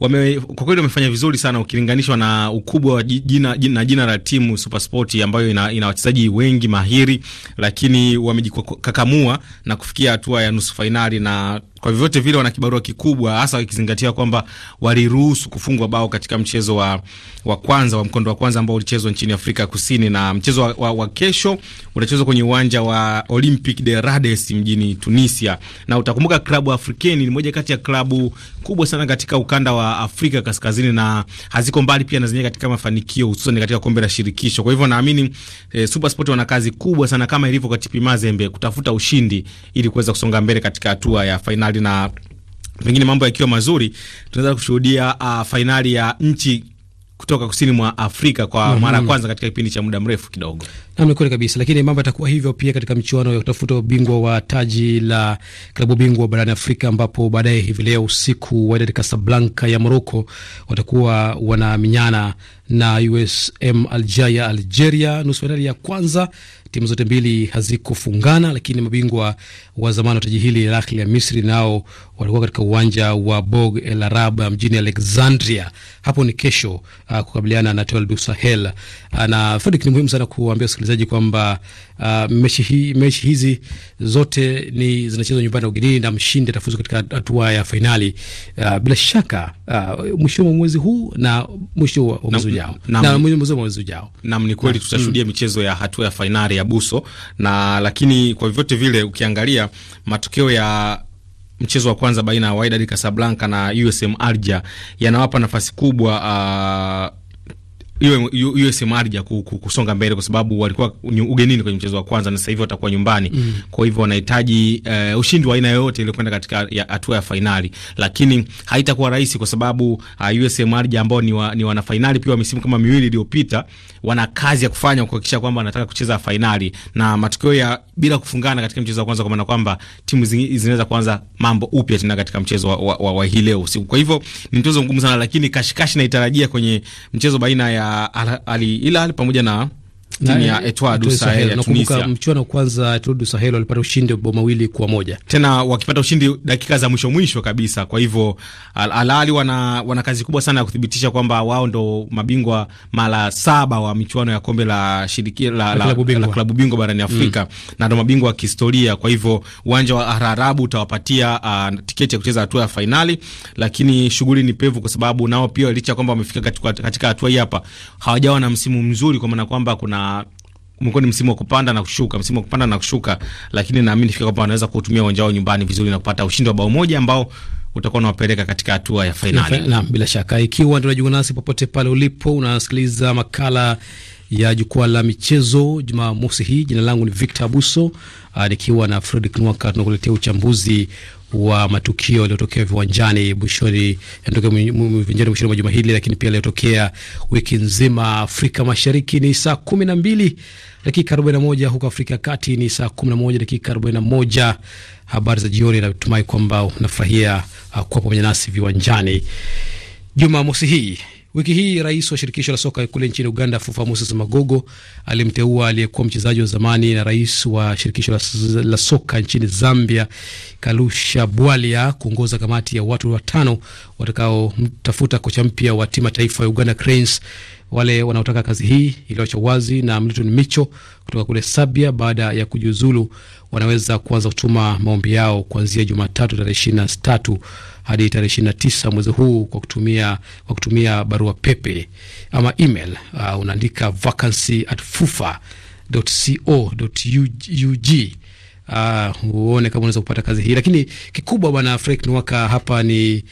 wame, kwa kweli wamefanya vizuri sana ukilinganishwa na ukubwa wa jina, jina, jina la timu SuperSport ambayo ina, ina wachezaji wengi mahiri, lakini wamejikakamua na kufikia hatua ya nusu fainali na kwa vyovyote vile wana kibarua kikubwa, hasa ikizingatia kwamba waliruhusu kufungwa bao katika mchezo wa, wa kwanza wa mkondo wa kwanza ambao ulichezwa nchini Afrika Kusini, na mchezo wa, wa, wa kesho unachezwa kwenye uwanja wa Olympic de Rades mjini Tunisia, na utakumbuka klabu Afrikeni ni moja kati ya klabu kubwa sana katika ukanda wa Afrika Kaskazini, na haziko mbali pia na zenyewe katika mafanikio, hususan katika kombe la shirikisho. Kwa hivyo naamini eh, SuperSport wana kazi kubwa sana kama ilivyo kwa TP Mazembe kutafuta ushindi ili kuweza kusonga mbele katika hatua ya fainali fainali na pengine mambo yakiwa mazuri tunaweza kushuhudia uh, fainali ya nchi kutoka kusini mwa Afrika kwa mm -hmm. mara ya kwanza katika kipindi cha muda mrefu kidogo. Naam, ni kweli kabisa, lakini mambo yatakuwa hivyo pia katika michuano ya kutafuta ubingwa wa taji la klabu bingwa barani Afrika, ambapo baadaye hivi leo usiku Wydad Casablanca ya Morocco watakuwa wanaminyana na USM Alger ya Algeria. Nusu fainali ya kwanza, timu zote mbili hazikufungana, lakini mabingwa wa zamani wa taji hili Al ya Misri nao walikuwa katika uwanja wa Bog El Arab mjini Alexandria hapo ni kesho, uh, kukabiliana na Etoile du Sahel. Uh, na Fredrick, ni muhimu sana kuambia wasikilizaji kwamba uh, mechi hii mechi hizi zote ni zinachezwa nyumbani na ugenini, na mshindi atafuzu katika hatua ya fainali uh, bila shaka uh, mwisho wa mwezi huu na mwisho wa mwezi ujao na, mwisho wa mwezi ujao. Naam, ni kweli tutashuhudia mm. michezo ya hatua ya fainali ya Buso na lakini kwa vyote vile ukiangalia matokeo ya mchezo wa kwanza baina ya Wydad Casablanca na USM Alger yanawapa nafasi kubwa uh, iwe sehemu arja kusonga mbele, kwa sababu walikuwa ugenini kwenye mchezo wa kwanza na sasa hivi watakuwa nyumbani mm. Kwa hivyo wanahitaji uh, ushindi wa aina yoyote ili kwenda katika hatua ya, ya fainali, lakini haitakuwa rahisi kwa sababu uh, ah, USM Arja ambao ni, wa, ni wana fainali pia wa misimu kama miwili iliyopita, wana kazi ya kufanya kuhakikisha kwamba wanataka kucheza fainali na matokeo ya bila kufungana katika mchezo wa kwanza, kwa maana kwamba timu zinaweza kuanza mambo upya tena katika mchezo wa, wa, wa, wa hii leo usiku. Kwa hivyo ni mchezo mgumu sana, lakini kashikashi naitarajia kwenye mchezo baina ya ila hali pamoja na timu ya Etoile du Sahel ya Tunisia. Mchuano kwanza Etoile du Sahel walipata ushindi wa bao mawili kwa moja, tena wakipata ushindi dakika za mwisho mwisho kabisa. Kwa hivyo Al Ahly wana, wana kazi kubwa sana ya kuthibitisha kwamba wao ndo mabingwa mara saba wa michuano ya kombe la shiriki la, la, la klabu bingwa barani Afrika mm, na ndo mabingwa wa kihistoria. Kwa hivyo uwanja wa Ararabu utawapatia uh, tiketi ya kucheza hatua ya fainali, lakini shughuli ni pevu kwa sababu nao pia licha kwamba wamefika katika hatua hii hapa hawajawa na msimu mzuri kwa maana kwamba kuna umekuwa ni msimu wa kupanda na kushuka, msimu wa kupanda na kushuka, lakini naamini fika kwamba wanaweza kuutumia uwanja wao nyumbani vizuri na kupata ushindi wa bao moja ambao utakuwa unawapeleka katika hatua ya fainali. Naam, bila shaka, ikiwa ndio unajiunga nasi popote pale ulipo, unasikiliza makala ya jukwaa la michezo Jumamosi hii. Jina langu ni Victor Abuso, ah, nikiwa na Fredrick Nwaka tunakuletea uchambuzi wa matukio yaliyotokea viwanjani mwishoni mwishoni mwa juma hili, lakini pia yaliyotokea wiki nzima. Afrika Mashariki ni saa kumi na mbili dakika arobaini na moja huko Afrika ya Kati ni saa kumi na moja dakika arobaini na moja Habari za jioni, natumai kwamba unafurahia uh, kuwa pamoja nasi viwanjani Jumamosi hii. Wiki hii rais wa shirikisho la soka kule nchini Uganda, FUFA, Moses Magogo alimteua aliyekuwa mchezaji wa zamani na rais wa shirikisho la, soka nchini Zambia, Kalusha Bwalia kuongoza kamati ya watu watano watakaomtafuta kocha mpya wa timu taifa ya Uganda Cranes. Wale wanaotaka kazi hii iliyoachwa wazi na Mliton Micho kutoka kule Sabia baada ya kujiuzulu wanaweza kuanza kutuma maombi yao kuanzia Jumatatu tarehe ishirini na tatu hadi tarehe 29 mwezi huu kwa kutumia, kwa kutumia barua pepe ama email uh, unaandika vacancy at fufa.co.ug uh, ah, uone kama unaweza kupata kazi hii, lakini kikubwa bwana Frank Nwaka hapa ni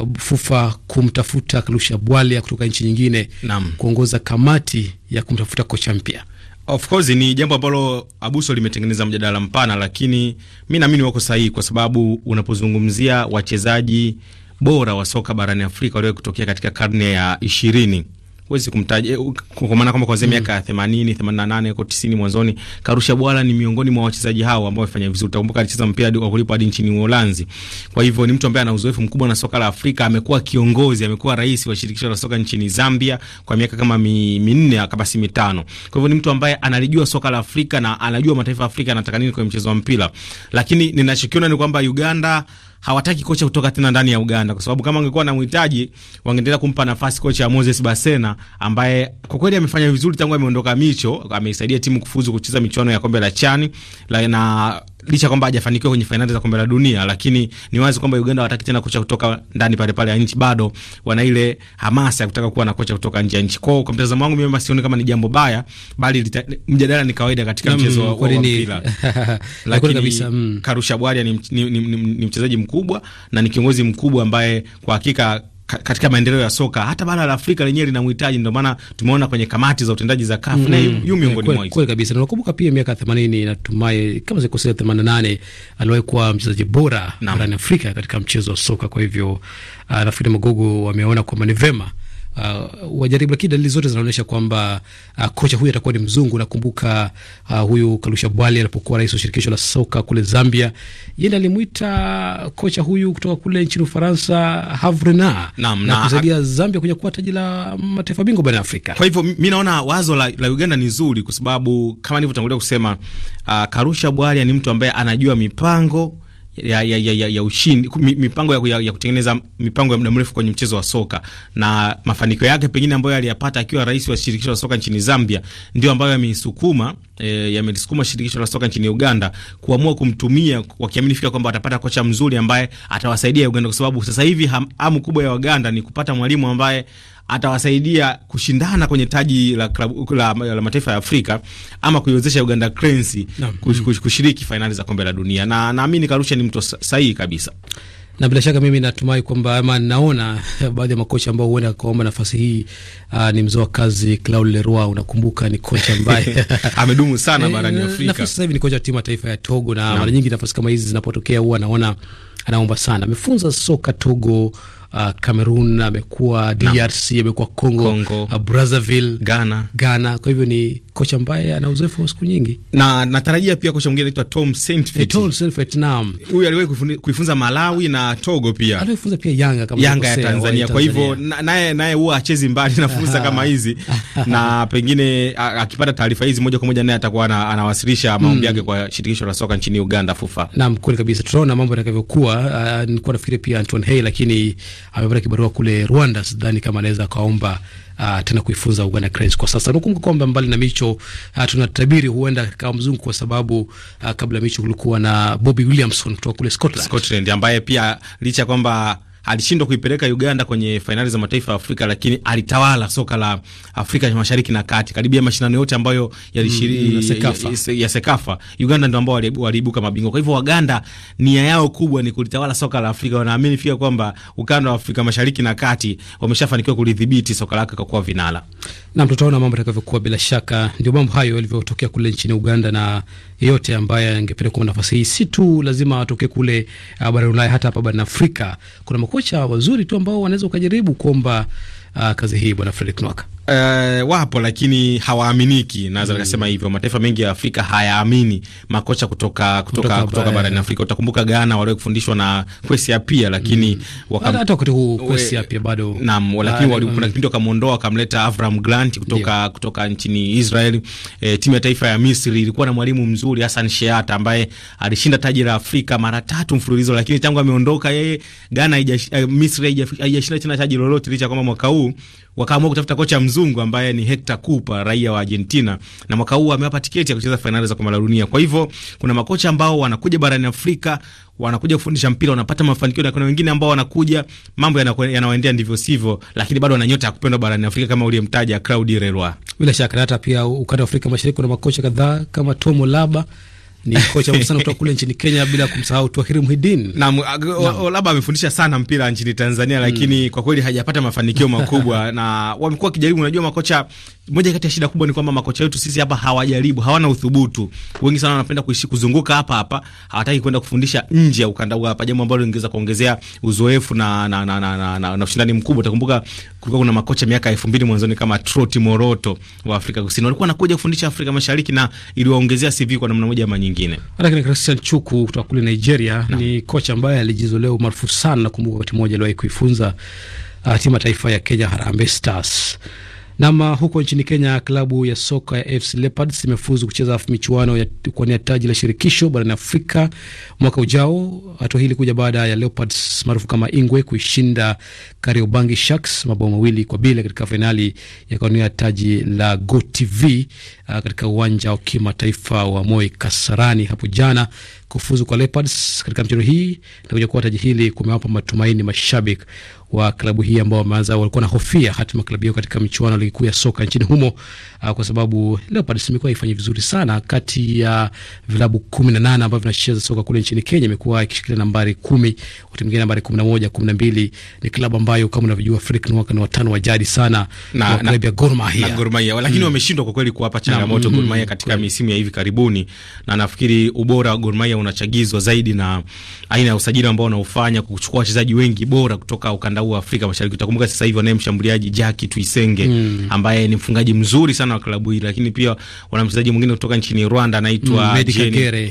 uh, FUFA kumtafuta Kalusha Bwalya kutoka nchi nyingine kuongoza kamati ya kumtafuta kocha mpya. Of course ni jambo ambalo Abuso limetengeneza mjadala mpana, lakini mi naamini wako sahihi, kwa sababu unapozungumzia wachezaji bora wa soka barani Afrika walio kutokea katika karne ya ishirini huwezi kumtaja eh, kwa maana kwamba kuanzia mm. miaka ya 80 88 kwa 90 mwanzoni, Karusha Bwala ni miongoni mwa wachezaji hao ambao wamefanya vizuri. Utakumbuka alicheza mpira wa kulipa hadi nchini Uholanzi. Kwa hivyo ni mtu ambaye ana uzoefu mkubwa na soka la Afrika, amekuwa kiongozi, amekuwa rais wa shirikisho la soka nchini Zambia kwa miaka kama minne au basi mitano. Kwa hivyo ni mtu ambaye analijua soka la Afrika na anajua mataifa ya Afrika anataka nini kwenye mchezo wa mpira. Lakini ninachokiona ni kwamba Uganda hawataki kocha kutoka tena ndani ya Uganda, kwa sababu kama angekuwa anamhitaji wangeendelea kumpa nafasi kocha Moses Basena ambaye kwa kweli amefanya vizuri tangu ameondoka Micho, ameisaidia timu kufuzu kucheza michuano ya kombe la Chani la na licha kwamba hajafanikiwa kwenye fainali za kombe la dunia, lakini ni wazi kwamba Uganda wataki tena kocha kutoka ndani pale pale ya nchi, bado wana ile hamasa ya kutaka kuwa na kocha kutoka nje ya nchi. Kwao kwa mtazamo wangu mimi, sioni kama ni jambo baya, bali mjadala ni kawaida katika mm, mchezo wa mpira lakini kabisa, mm. Karusha Bwalia ni, ni, ni, ni, ni mchezaji mkubwa na ni kiongozi mkubwa ambaye kwa hakika katika maendeleo ya soka hata bara la Afrika lenyewe linamhitaji. Ndio maana tumeona kwenye kamati za utendaji za CAF mm, na mm-hmm. yu miongoni mwa kweli kabisa. Nakumbuka pia miaka 80 natumai kama sikosea, 88 aliwahi kuwa mchezaji bora barani Afrika katika mchezo wa soka. Kwa hivyo uh, nafikiri magogo wameona kwamba ni vema uh, wajaribu, lakini dalili zote zinaonyesha kwamba uh, kocha huyu atakuwa ni mzungu. Nakumbuka uh, huyu Kalusha Bwali alipokuwa rais wa shirikisho la soka kule Zambia, yeye alimuita kocha huyu kutoka kule nchini Ufaransa Havrena na, na kusaidia Zambia kuja kuwa taji la mataifa bingwa barani Afrika. Kwa hivyo mi naona wazo la, la Uganda ni zuri, kwa sababu kama nilivyotangulia kusema uh, Karusha Bwali ni mtu ambaye anajua mipango ya, ya, ya, ya ushindi, mipango ya, ya, ya kutengeneza mipango ya muda mrefu kwenye mchezo wa soka na mafanikio yake pengine ambayo aliyapata akiwa rais wa shirikisho la soka nchini Zambia ndio ambayo yameisukuma e, yamelisukuma shirikisho la soka nchini Uganda kuamua kumtumia wakiamini fika kwamba watapata kocha mzuri ambaye atawasaidia Uganda, kwa sababu sasa hivi hamu kubwa ya Waganda ni kupata mwalimu ambaye atawasaidia kushindana kwenye taji la, la, la, la mataifa ya Afrika ama kuiwezesha Uganda Cranes kushiriki fainali za kombe la dunia, na naamini Karusha ni mtu sahihi kabisa na bila shaka mimi natumai kwamba ama naona eh, baadhi ya makocha ambao huenda kaomba nafasi hii aa, ah, ni mzoa kazi Claude Leroy. Unakumbuka ni kocha ambaye amedumu sana eh, barani Afrika. Nafasi sasa hivi ni kocha wa timu ya taifa ya Togo na no. mara nyingi nafasi kama hizi zinapotokea huwa naona anaomba sana. Amefunza soka Togo uh, Cameroon amekuwa DRC amekuwa Congo, Congo uh, Brazzaville, Ghana. Ghana. Kwa hivyo ni kocha ambaye ana uzoefu wa siku nyingi, na natarajia pia kocha mwingine anaitwa Tom Saintfiet. Eh, Tom Saintfiet, naam, huyu aliwahi kuifunza Malawi na Togo, pia alifunza pia Yanga kama Yanga ya Tanzania. Kwa hivyo naye naye huwa achezi mbali na fursa kama hizi na pengine akipata taarifa hizi moja kwa moja naye atakuwa anawasilisha maombi mm. yake mm, kwa shirikisho la soka nchini Uganda FUFA. Naam, kweli kabisa, tunaona mambo yatakavyokuwa. Uh, nilikuwa nafikiri pia Anton Hey, lakini amepata kibarua kule Rwanda, sidhani kama anaweza kaomba uh, ah, tena kuifunza Uganda Cranes kwa sasa. Nakumbuka kwamba mbali na Micho uh, tunatabiri huenda kama mzungu kwa sababu uh, kabla Micho kulikuwa na Bobby Williamson kutoka kule Scotland, Scotland ambaye pia licha kwamba alishindwa kuipeleka Uganda kwenye fainali za mataifa ya Afrika, lakini alitawala soka la Afrika Mashariki na Kati karibia mashindano yote ambayo yalishiri, mm, Sekafa. Ya, ya Sekafa Uganda ndio ambao waliibuka mabingwa. Kwa hivyo Waganda nia yao kubwa ni kulitawala soka la Afrika, wanaamini fika kwamba ukanda wa Afrika Mashariki na Kati wameshafanikiwa kulidhibiti soka lake kwa kuwa vinala, na tutaona mambo yatakavyokuwa. Bila shaka ndio mambo hayo yalivyotokea kule nchini Uganda na yeyote ambaye angependa kuwa nafasi hii, si tu lazima atoke kule uh, barani Ulaya, hata hapa barani Afrika kuna makocha wazuri tu ambao wanaweza ukajaribu kuomba uh, kazi hii, Bwana Fredrick Nwaka. Uh, wapo lakini hawaaminiki, naweza mm. nikasema mm. hivyo. Mataifa mengi ya Afrika hayaamini makocha kutoka kutoka kutoka, kutoka barani eh. Afrika. Utakumbuka Ghana waliwahi kufundishwa na Kwesi Apia, lakini mm. wakam... hata wakati huu Kwesi Apia bado naam, lakini wali kuna mm. kipindi wakamwondoa wakamleta Avram Grant kutoka yeah. kutoka nchini Israel. E, timu ya taifa ya Misri ilikuwa na mwalimu mzuri Hassan Sheata ambaye alishinda taji la Afrika mara tatu mfululizo, lakini tangu ameondoka yeye Ghana haija Misri haijashinda tena taji lolote licha kwamba mwaka huu wakaamua kutafuta kocha mzungu ambaye ni Hector Cuper, raia wa Argentina, na mwaka huu amewapa tiketi ya kucheza fainali za kombe la dunia. Kwa hivyo kuna makocha ambao wanakuja barani Afrika wanakuja kufundisha mpira wanapata mafanikio, na kuna wengine ambao wanakuja mambo yanawaendea ndivyo sivyo, lakini bado wana nyota ya kupendwa barani Afrika kama uliyemtaja Claudi Leroy. Bila shaka hata pia ukanda wa Afrika Mashariki kuna makocha kadhaa kama Tomo Laba ni kocha mfu sana kutoka kule nchini Kenya, bila kumsahau Twahiri Muhidin. Naam, labda amefundisha sana mpira nchini Tanzania, lakini mm, kwa kweli hajapata mafanikio makubwa na wamekuwa kijaribu. Unajua makocha moja kati ya shida kubwa ni kwamba makocha wetu sisi hapa hawajaribu, hawana uthubutu. Wengi sana wanapenda kuishi kuzunguka hapa hapa, hawataki kwenda kufundisha nje ya ukanda hapa, jambo ambalo lingeweza kuongezea uzoefu na na na na, na, na, na na ushindani mkubwa. Utakumbuka kulikuwa kuna makocha miaka 2000 mwanzoni kama Trot Moroto wa Afrika Kusini, walikuwa wanakuja kufundisha Afrika Mashariki na iliwaongezea CV kwa namna moja ama nyingine mwingine. Lakini Christian Chuku kutoka kule Nigeria na, ni kocha ambaye alijizolea umaarufu sana. Nakumbuka wakati mmoja aliwahi kuifunza uh, timu ya taifa ya Kenya Harambee Stars. Nam, uh, huko nchini Kenya, klabu ya soka ya FC Leopards imefuzu kucheza michuano ya kuwania taji la shirikisho barani Afrika mwaka ujao. Hatua hii ilikuja baada ya Leopards maarufu kama Ingwe kuishinda Kariobangi Sharks mabao mawili kwa bila katika fainali ya kuwania taji la GOtv uh, katika uwanja wa kimataifa wa Moi Kasarani hapo jana. Kufuzu kwa Leopards katika mchezo hii na kuja kuwa taji hili kumewapa matumaini mashabiki wa klabu hii ambao wameanza walikuwa na hofia hatima klabu yao katika michuano ya ligi kuu ya soka nchini humo, uh, kwa sababu Leopards imekuwa ifanye vizuri sana. Kati ya uh, vilabu 18 ambavyo vinacheza soka kule nchini Kenya imekuwa ikishikilia nambari 10, wakati mwingine nambari 11, 12. Ni klabu ambayo kama unavyojua Afrika ni watano wa jadi sana na, na klabu ya Gor Mahia na Gor Mahia, lakini mm. wameshindwa kwa kweli kuwapa changamoto Gor mm-hmm. Mahia katika misimu ya hivi karibuni, na nafikiri ubora wa Gor Mahia Tanzania unachagizwa zaidi na aina ya usajili ambao wanaofanya kuchukua wachezaji wengi bora kutoka ukanda huu wa Afrika Mashariki. Utakumbuka sasa hivi wanaye mshambuliaji Jackie Tuisenge mm. ambaye ni mfungaji mzuri sana wa klabu hii, lakini pia wana mchezaji mwingine kutoka nchini Rwanda anaitwa mm,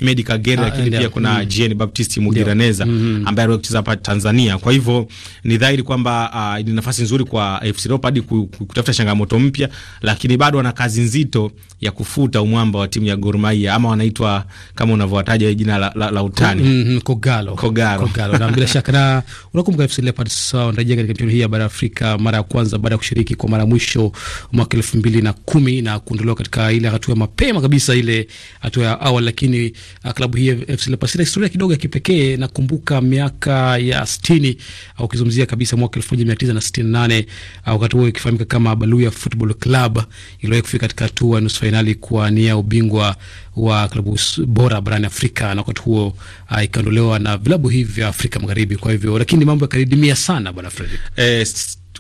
Medi Kagere, ah, lakini pia kuna mm. Jean Baptiste Mugiraneza mm -hmm. ambaye aliwahi kucheza hapa Tanzania. Kwa hivyo ni dhahiri kwamba uh, ni nafasi nzuri kwa FC Leopards kutafuta changamoto mpya, lakini bado wana kazi nzito ya kufuta umwamba wa timu ya Gor Mahia ama wanaitwa kama unavyowataja jina jina la, la, la utani mm -hmm, Kogalo, Kogalo, Kogalo. na bila shaka na unakumbuka FC Leopards sawa ndarejea katika michuano hii ya bara Afrika mara ya kwanza baada ya kushiriki kwa mara mwisho mwaka elfu mbili na kumi na kuondolewa katika ile hatua ya mapema kabisa ile hatua ya awali, lakini uh, klabu hii FC Leopards ina historia kidogo ya kipekee. Nakumbuka miaka ya sitini au uh, ukizungumzia kabisa mwaka elfu moja mia tisa na sitini na nane uh, wakati huo ikifahamika kama Baluya Football Club iliwahi kufika katika hatua ya nusu fainali nia ubingwa wa klabu bora barani Afrika, na wakati huo uh, ikaondolewa na vilabu hivi vya Afrika Magharibi. Kwa hivyo, lakini mambo yakaridimia sana, bwana eh,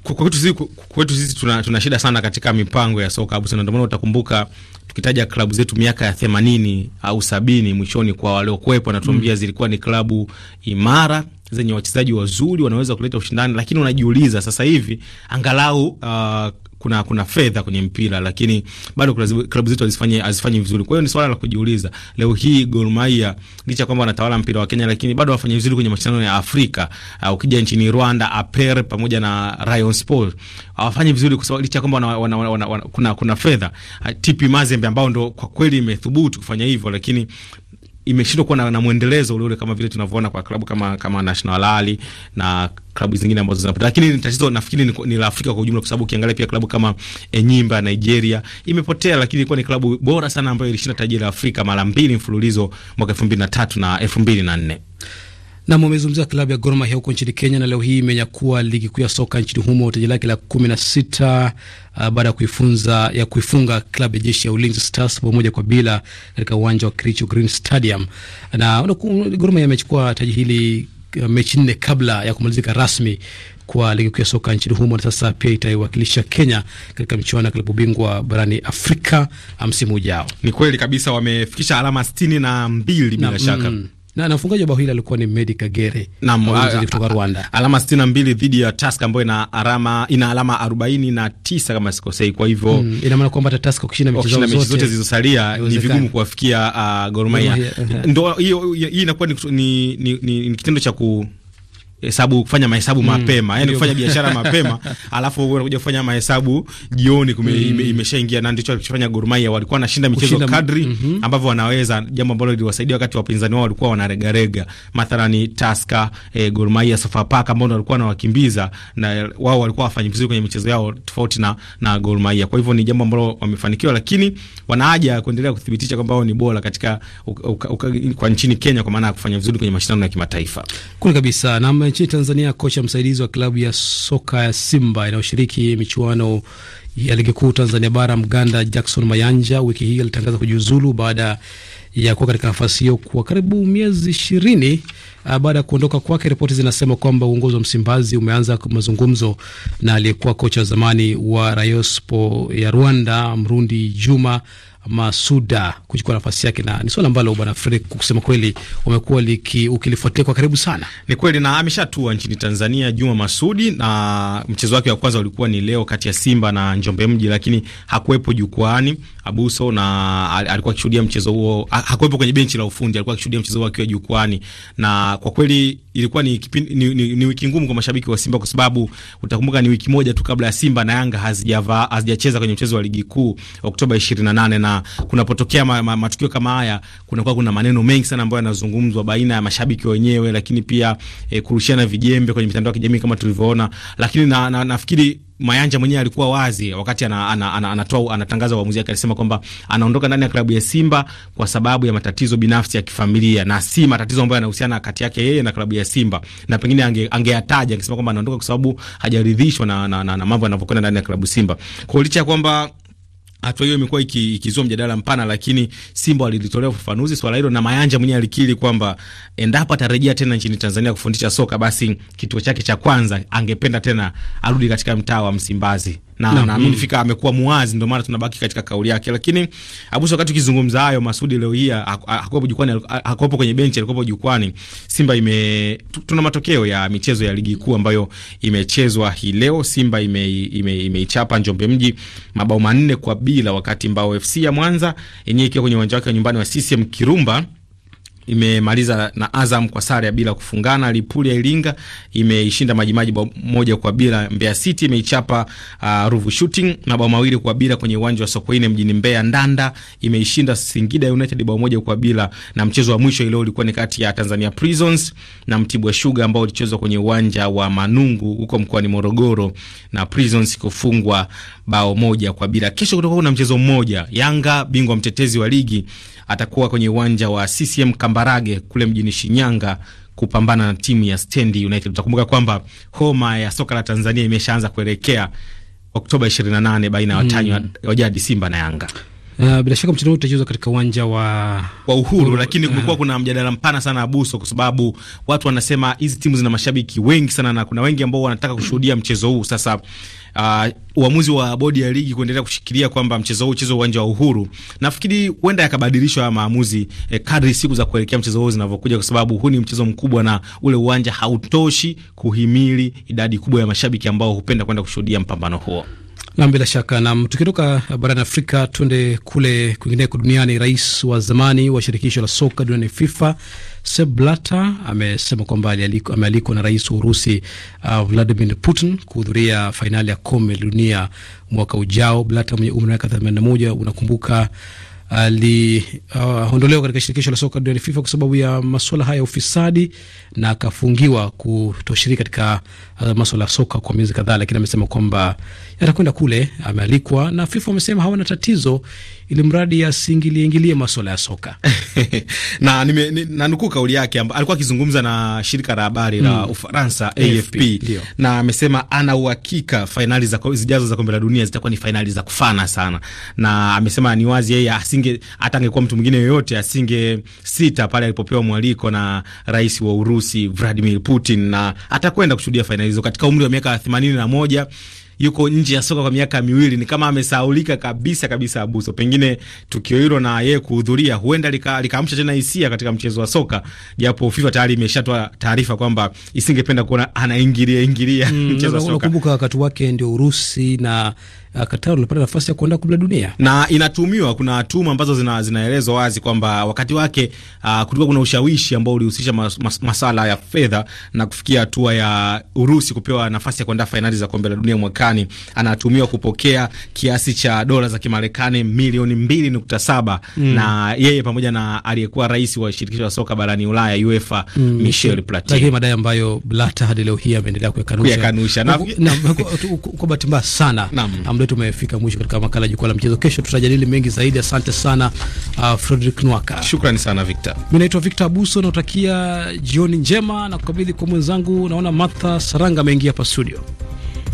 kwetu sisi, kwetu sisi tuna, tuna shida sana katika mipango ya soka abu sana. Ndio maana utakumbuka tukitaja klabu zetu miaka ya themanini au sabini mwishoni, kwa waliokuwepo natuambia mm, zilikuwa ni klabu imara zenye wachezaji wazuri wanaweza kuleta ushindani, lakini unajiuliza sasa hivi angalau uh, kuna kuna fedha kwenye mpira, lakini bado klabu zetu hazifanye hazifanyi vizuri. Kwa hiyo ni swala la kujiuliza leo hii Gor Mahia licha kwamba wanatawala mpira wa Kenya, lakini bado wafanye vizuri kwenye mashindano ya Afrika. Uh, ukija nchini Rwanda APR pamoja na Rayon Sport hawafanyi vizuri kwa sababu licha kwamba wana, wana, wana, wana, kuna kuna fedha. Uh, TP Mazembe ambao ndo kwa kweli imethubutu kufanya hivyo, lakini imeshindwa kuwa na, na mwendelezo ule ule kama vile tunavyoona kwa klabu kama kama National Al na klabu zingine ambazo zinapata, lakini tatizo nafikiri ni, ni la Afrika kwa ujumla, kwa sababu ukiangalia pia klabu kama Enyimba eh, Nigeria imepotea, lakini ilikuwa ni klabu bora sana ambayo ilishinda taji la Afrika mara mbili mfululizo mwaka 2003 na 2004. Nam amezungumzia klabu ya Gor Mahia huko nchini Kenya, na leo hii imenyakua ligi kuu ya soka nchini humo taji lake la kumi na sita uh, baada ya kuifunza ya kuifunga klabu ya jeshi ya Ulinzi Stars bao moja kwa bila katika uwanja wa Kericho Green Stadium, na Gor Mahia amechukua taji hili uh, mechi nne kabla ya kumalizika rasmi kwa ligi kuu ya soka nchini humo, na sasa pia itaiwakilisha Kenya katika michuano ya klabu bingwa barani Afrika msimu ujao. Ni kweli kabisa, wamefikisha alama sitini na mbili bila shaka mm, na, mfungaji wa bao hili alikuwa ni Medi Kagere kutoka Rwanda, alama 62 dhidi ya Task ambayo ina alama ina alama 49 kama sikosei. Kwa hivyo mm, ina maana kwamba Task ukishinda michezo zote zilizosalia ni vigumu kuwafikia uh, Gor Mahia. Ndio hiyo hii inakuwa ni, ni, ni, ni kitendo cha ku hesabu kufanya mahesabu mm, mapema yani kufanya biashara mapema, alafu unakuja kufanya mahesabu jioni kume, mm. imeshaingia na ndicho alichofanya Gor Mahia. Walikuwa wanashinda michezo kadri mm -hmm. ambavyo wanaweza, jambo ambalo liliwasaidia wakati wapinzani wao walikuwa wanaregarega, mathalani Taska eh, Gor Mahia, Sofapaka ambao walikuwa wanawakimbiza na wao walikuwa wafanyi vizuri kwenye michezo yao tofauti na, na Gor Mahia. Kwa hivyo ni jambo ambalo wamefanikiwa, lakini wana haja ya kuendelea kuthibitisha kwamba wao ni bora katika uka, uka, uka, kwa nchini Kenya kwa maana ya kufanya vizuri kwenye mashindano ya kimataifa kule kabisa na nchini Tanzania, kocha msaidizi wa klabu ya soka ya Simba inayoshiriki michuano ya ligi kuu Tanzania bara Mganda Jackson Mayanja wiki hii alitangaza kujiuzulu baada ya kuwa katika nafasi hiyo kwa karibu miezi ishirini ah, baada ya kuondoka kwake. Ripoti zinasema kwamba uongozi wa Msimbazi umeanza mazungumzo na aliyekuwa kocha wa zamani wa Rayon Sports ya Rwanda Mrundi Juma Masuda kuchukua nafasi yake, na ni swala ambalo bwana Fredrick, kusema kweli, umekuwa ukilifuatilia kwa karibu sana. Ni kweli, na ameshatua nchini Tanzania Juma Masudi, na mchezo wake wa kwanza ulikuwa ni leo kati ya Simba na Njombe Mji, lakini hakuwepo jukwani Abuso, na alikuwa akishuhudia mchezo huo. Hakuwepo kwenye benchi la ufundi, alikuwa akishuhudia mchezo huo akiwa jukwani, na kwa kweli ilikuwa ni, kipindi, ni, ni, ni wiki ngumu kwa mashabiki wa Simba kwa sababu utakumbuka ni wiki moja tu kabla ya Simba na Yanga hazijacheza kwenye mchezo wa ligi kuu Oktoba 28 na na kunapotokea ma, ma, matukio kama haya, kunakuwa kuna maneno mengi sana ambayo yanazungumzwa baina ya mashabiki wenyewe, lakini pia e, kurushiana vijembe kwenye mitandao ya kijamii kama tulivyoona, lakini na, na, nafikiri Mayanja mwenyewe alikuwa wazi wakati anatoa ana, ana, ana, anatoa anatangaza uamuzi wake, alisema kwamba anaondoka ndani ya klabu ya Simba kwa sababu ya matatizo binafsi ya kifamilia na si matatizo ambayo yanahusiana kati yake yeye na klabu ya Simba, na pengine angeyataja ange, angesema kwamba anaondoka kwa sababu hajaridhishwa na, na, na, na mambo yanavyokwenda ndani ya klabu Simba kwa licha ya kwamba hatua hiyo imekuwa ikizua mjadala mpana, lakini Simba walilitolea ufafanuzi swala hilo, na Mayanja mwenyewe alikiri kwamba endapo atarejea tena nchini Tanzania kufundisha soka, basi kituo chake cha kwanza angependa tena arudi katika mtaa wa Msimbazi na no, naamini mm. Fika amekuwa muwazi, ndio maana tunabaki katika kauli yake. Lakini Abuso, wakati ukizungumza hayo, Masudi leo hii hakuwepo jukwani, hakuwepo kwenye benchi, alikuwa jukwani. Simba ime tuna matokeo ya michezo ya ligi kuu ambayo imechezwa hii leo. Simba imeichapa ime, ime, ime Njombe Mji mabao manne kwa bila, wakati Mbao FC ya Mwanza yenyewe ikiwa kwenye uwanja wake wa nyumbani wa CCM Kirumba imemaliza na Azam kwa sare ya bila kufungana. Lipuli ya Iringa imeishinda Majimaji moja kwa bila. Mbeya City imeichapa uh, Ruvu Shooting mabao mawili kwa bila kwenye uwanja wa Sokoine mjini Mbeya. Ndanda imeishinda Singida United bao moja kwa bila, na mchezo wa mwisho ileo ulikuwa ni kati ya Tanzania Prisons na Mtibwa Sugar ambao ulichezwa kwenye uwanja wa Manungu huko mkoani Morogoro na Prisons kufungwa bao moja kwa bila. Kesho kutakuwa kuna mchezo mmoja, Yanga bingwa mtetezi wa ligi atakuwa kwenye uwanja wa CCM Kamp Kambarage kule mjini Shinyanga kupambana na timu ya Stendi United. Utakumbuka kwamba homa ya soka la Tanzania imeshaanza kuelekea Oktoba 28 baina ya watani mm. wajadi Simba na Yanga. Uh, bila shaka mchezo huu utachezwa katika uwanja wa wa Uhuru, uh, lakini kumekuwa uh, kuna mjadala mpana sana Abuso, kwa sababu watu wanasema hizi timu zina mashabiki wengi sana na kuna wengi ambao wanataka kushuhudia mchezo huu. Sasa uh, uamuzi wa bodi ya ligi kuendelea kushikilia kwamba mchezo huu uchezo uwanja wa Uhuru, nafikiri huenda yakabadilishwa haya maamuzi eh, kadri siku za kuelekea mchezo huu zinavyokuja, kwa sababu huu ni mchezo mkubwa na ule uwanja hautoshi kuhimili idadi kubwa ya mashabiki ambao hupenda kwenda kushuhudia mpambano huo. Nam, bila shaka. Nam, tukitoka eh, barani Afrika tuende kule kwingineko duniani. Rais wa zamani wa shirikisho la soka duniani FIFA Sepp Blatter amesema kwamba amealikwa na rais wa Urusi uh, Vladimir Putin kuhudhuria fainali ya kombe la dunia mwaka ujao. Blatter mwenye umri wa miaka moja, unakumbuka aliondolewa uh, katika shirikisho la soka duniani FIFA kwa sababu ya masuala haya ya ufisadi na akafungiwa kutoshiriki katika uh, masuala ya soka kwa miezi kadhaa, lakini amesema kwamba yatakwenda kule. Amealikwa na FIFA wamesema hawana tatizo, ili mradi asingiliingilie masuala ya soka na nanukuu kauli yake, alikuwa akizungumza na shirika la habari la mm, Ufaransa AFP, AFP na amesema ana uhakika fainali za zijazo za kombe la dunia zitakuwa ni fainali za kufana sana, na amesema ni wazi yeye asinge hata angekuwa mtu mwingine yoyote asinge sita pale alipopewa mwaliko na rais wa Urusi Vladimir Putin, na atakwenda kushuhudia fainali hizo katika umri wa miaka themanini na moja yuko nje ya soka kwa miaka miwili, ni kama amesahaulika kabisa kabisa Abuso. Pengine tukio hilo na yeye kuhudhuria huenda likaamsha tena hisia katika mchezo wa soka, japo FIFA tayari imeshatoa taarifa kwamba isingependa kuona anaingilia ingilia, ingilia mm, mchezo wa soka. Unakumbuka wakati wake ndio Urusi na uh, Qatar walipata nafasi ya kuenda kombe la dunia, na inatumiwa kuna tuma ambazo zina, zinaelezwa wazi kwamba wakati wake uh, kulikuwa kuna ushawishi ambao ulihusisha mas, mas, masala ya fedha na kufikia hatua ya Urusi kupewa nafasi ya kuenda fainali za kombe la dunia mwakani. Anatumiwa kupokea kiasi cha dola za Kimarekani milioni mbili nukta saba mm. na yeye pamoja na aliyekuwa rais wa shirikisho la soka barani Ulaya UEFA mm. Michel Platini, lakini madai ambayo Blatter hadi leo hii ameendelea kuyakanusha na kwa bahati mbaya sana wetu umefika mwisho katika makala jukwaa la michezo. Kesho tutajadili mengi zaidi. Asante sana uh, Frederick Nwaka. Shukrani sana Victor. Mimi naitwa Victor Abuso, nautakia jioni njema na kukabidhi kwa mwenzangu, naona Martha Saranga ameingia hapa studio.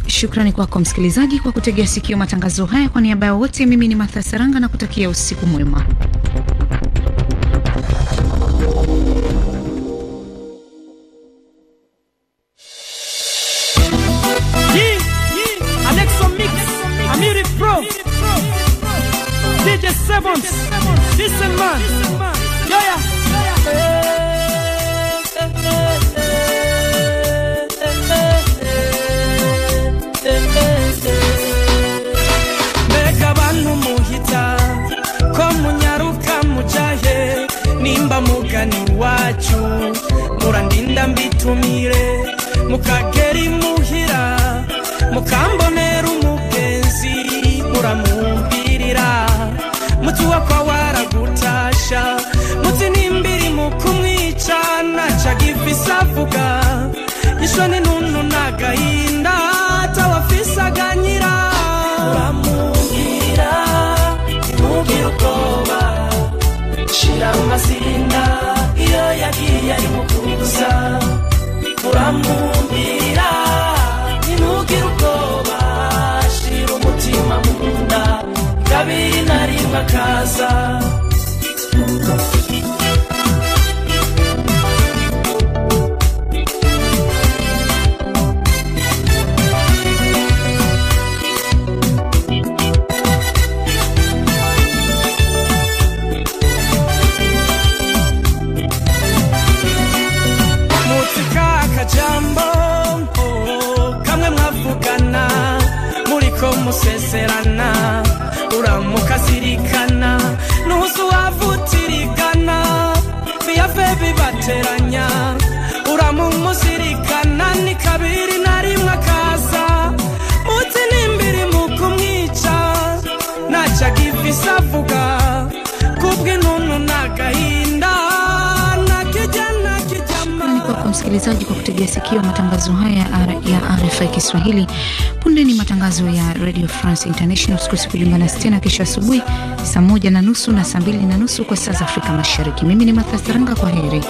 Shukrani kwako msikilizaji kwa kutegea sikio matangazo haya. Kwa niaba ya wote, mimi ni Martha Saranga na kutakia usiku mwema. DJ Sevens, listen man, yeah yeah. mbega muhita ko munyaruka mujahe nimba mugani iwacu murandinda mbitumire mukageri muhira mukambone kwa waragutasha mutini mbiri mu kumwica ntaca gifise avuga isho ni nunu n'agahinda atawafise aganyira uramubwira ntugire ubwoba shira amazinda iyo yagiye ari mu kuza uramubwira kabiri na rimwe akaza Msikilizaji, kwa kutegea sikio matangazo haya ya RFI Kiswahili. Punde ni matangazo ya Radio France International. Usikose kujiunga nasi tena kesho asubuhi saa moja na nusu na saa mbili na nusu kwa saa za Afrika Mashariki. Mimi ni Martha Saranga, kwa heri.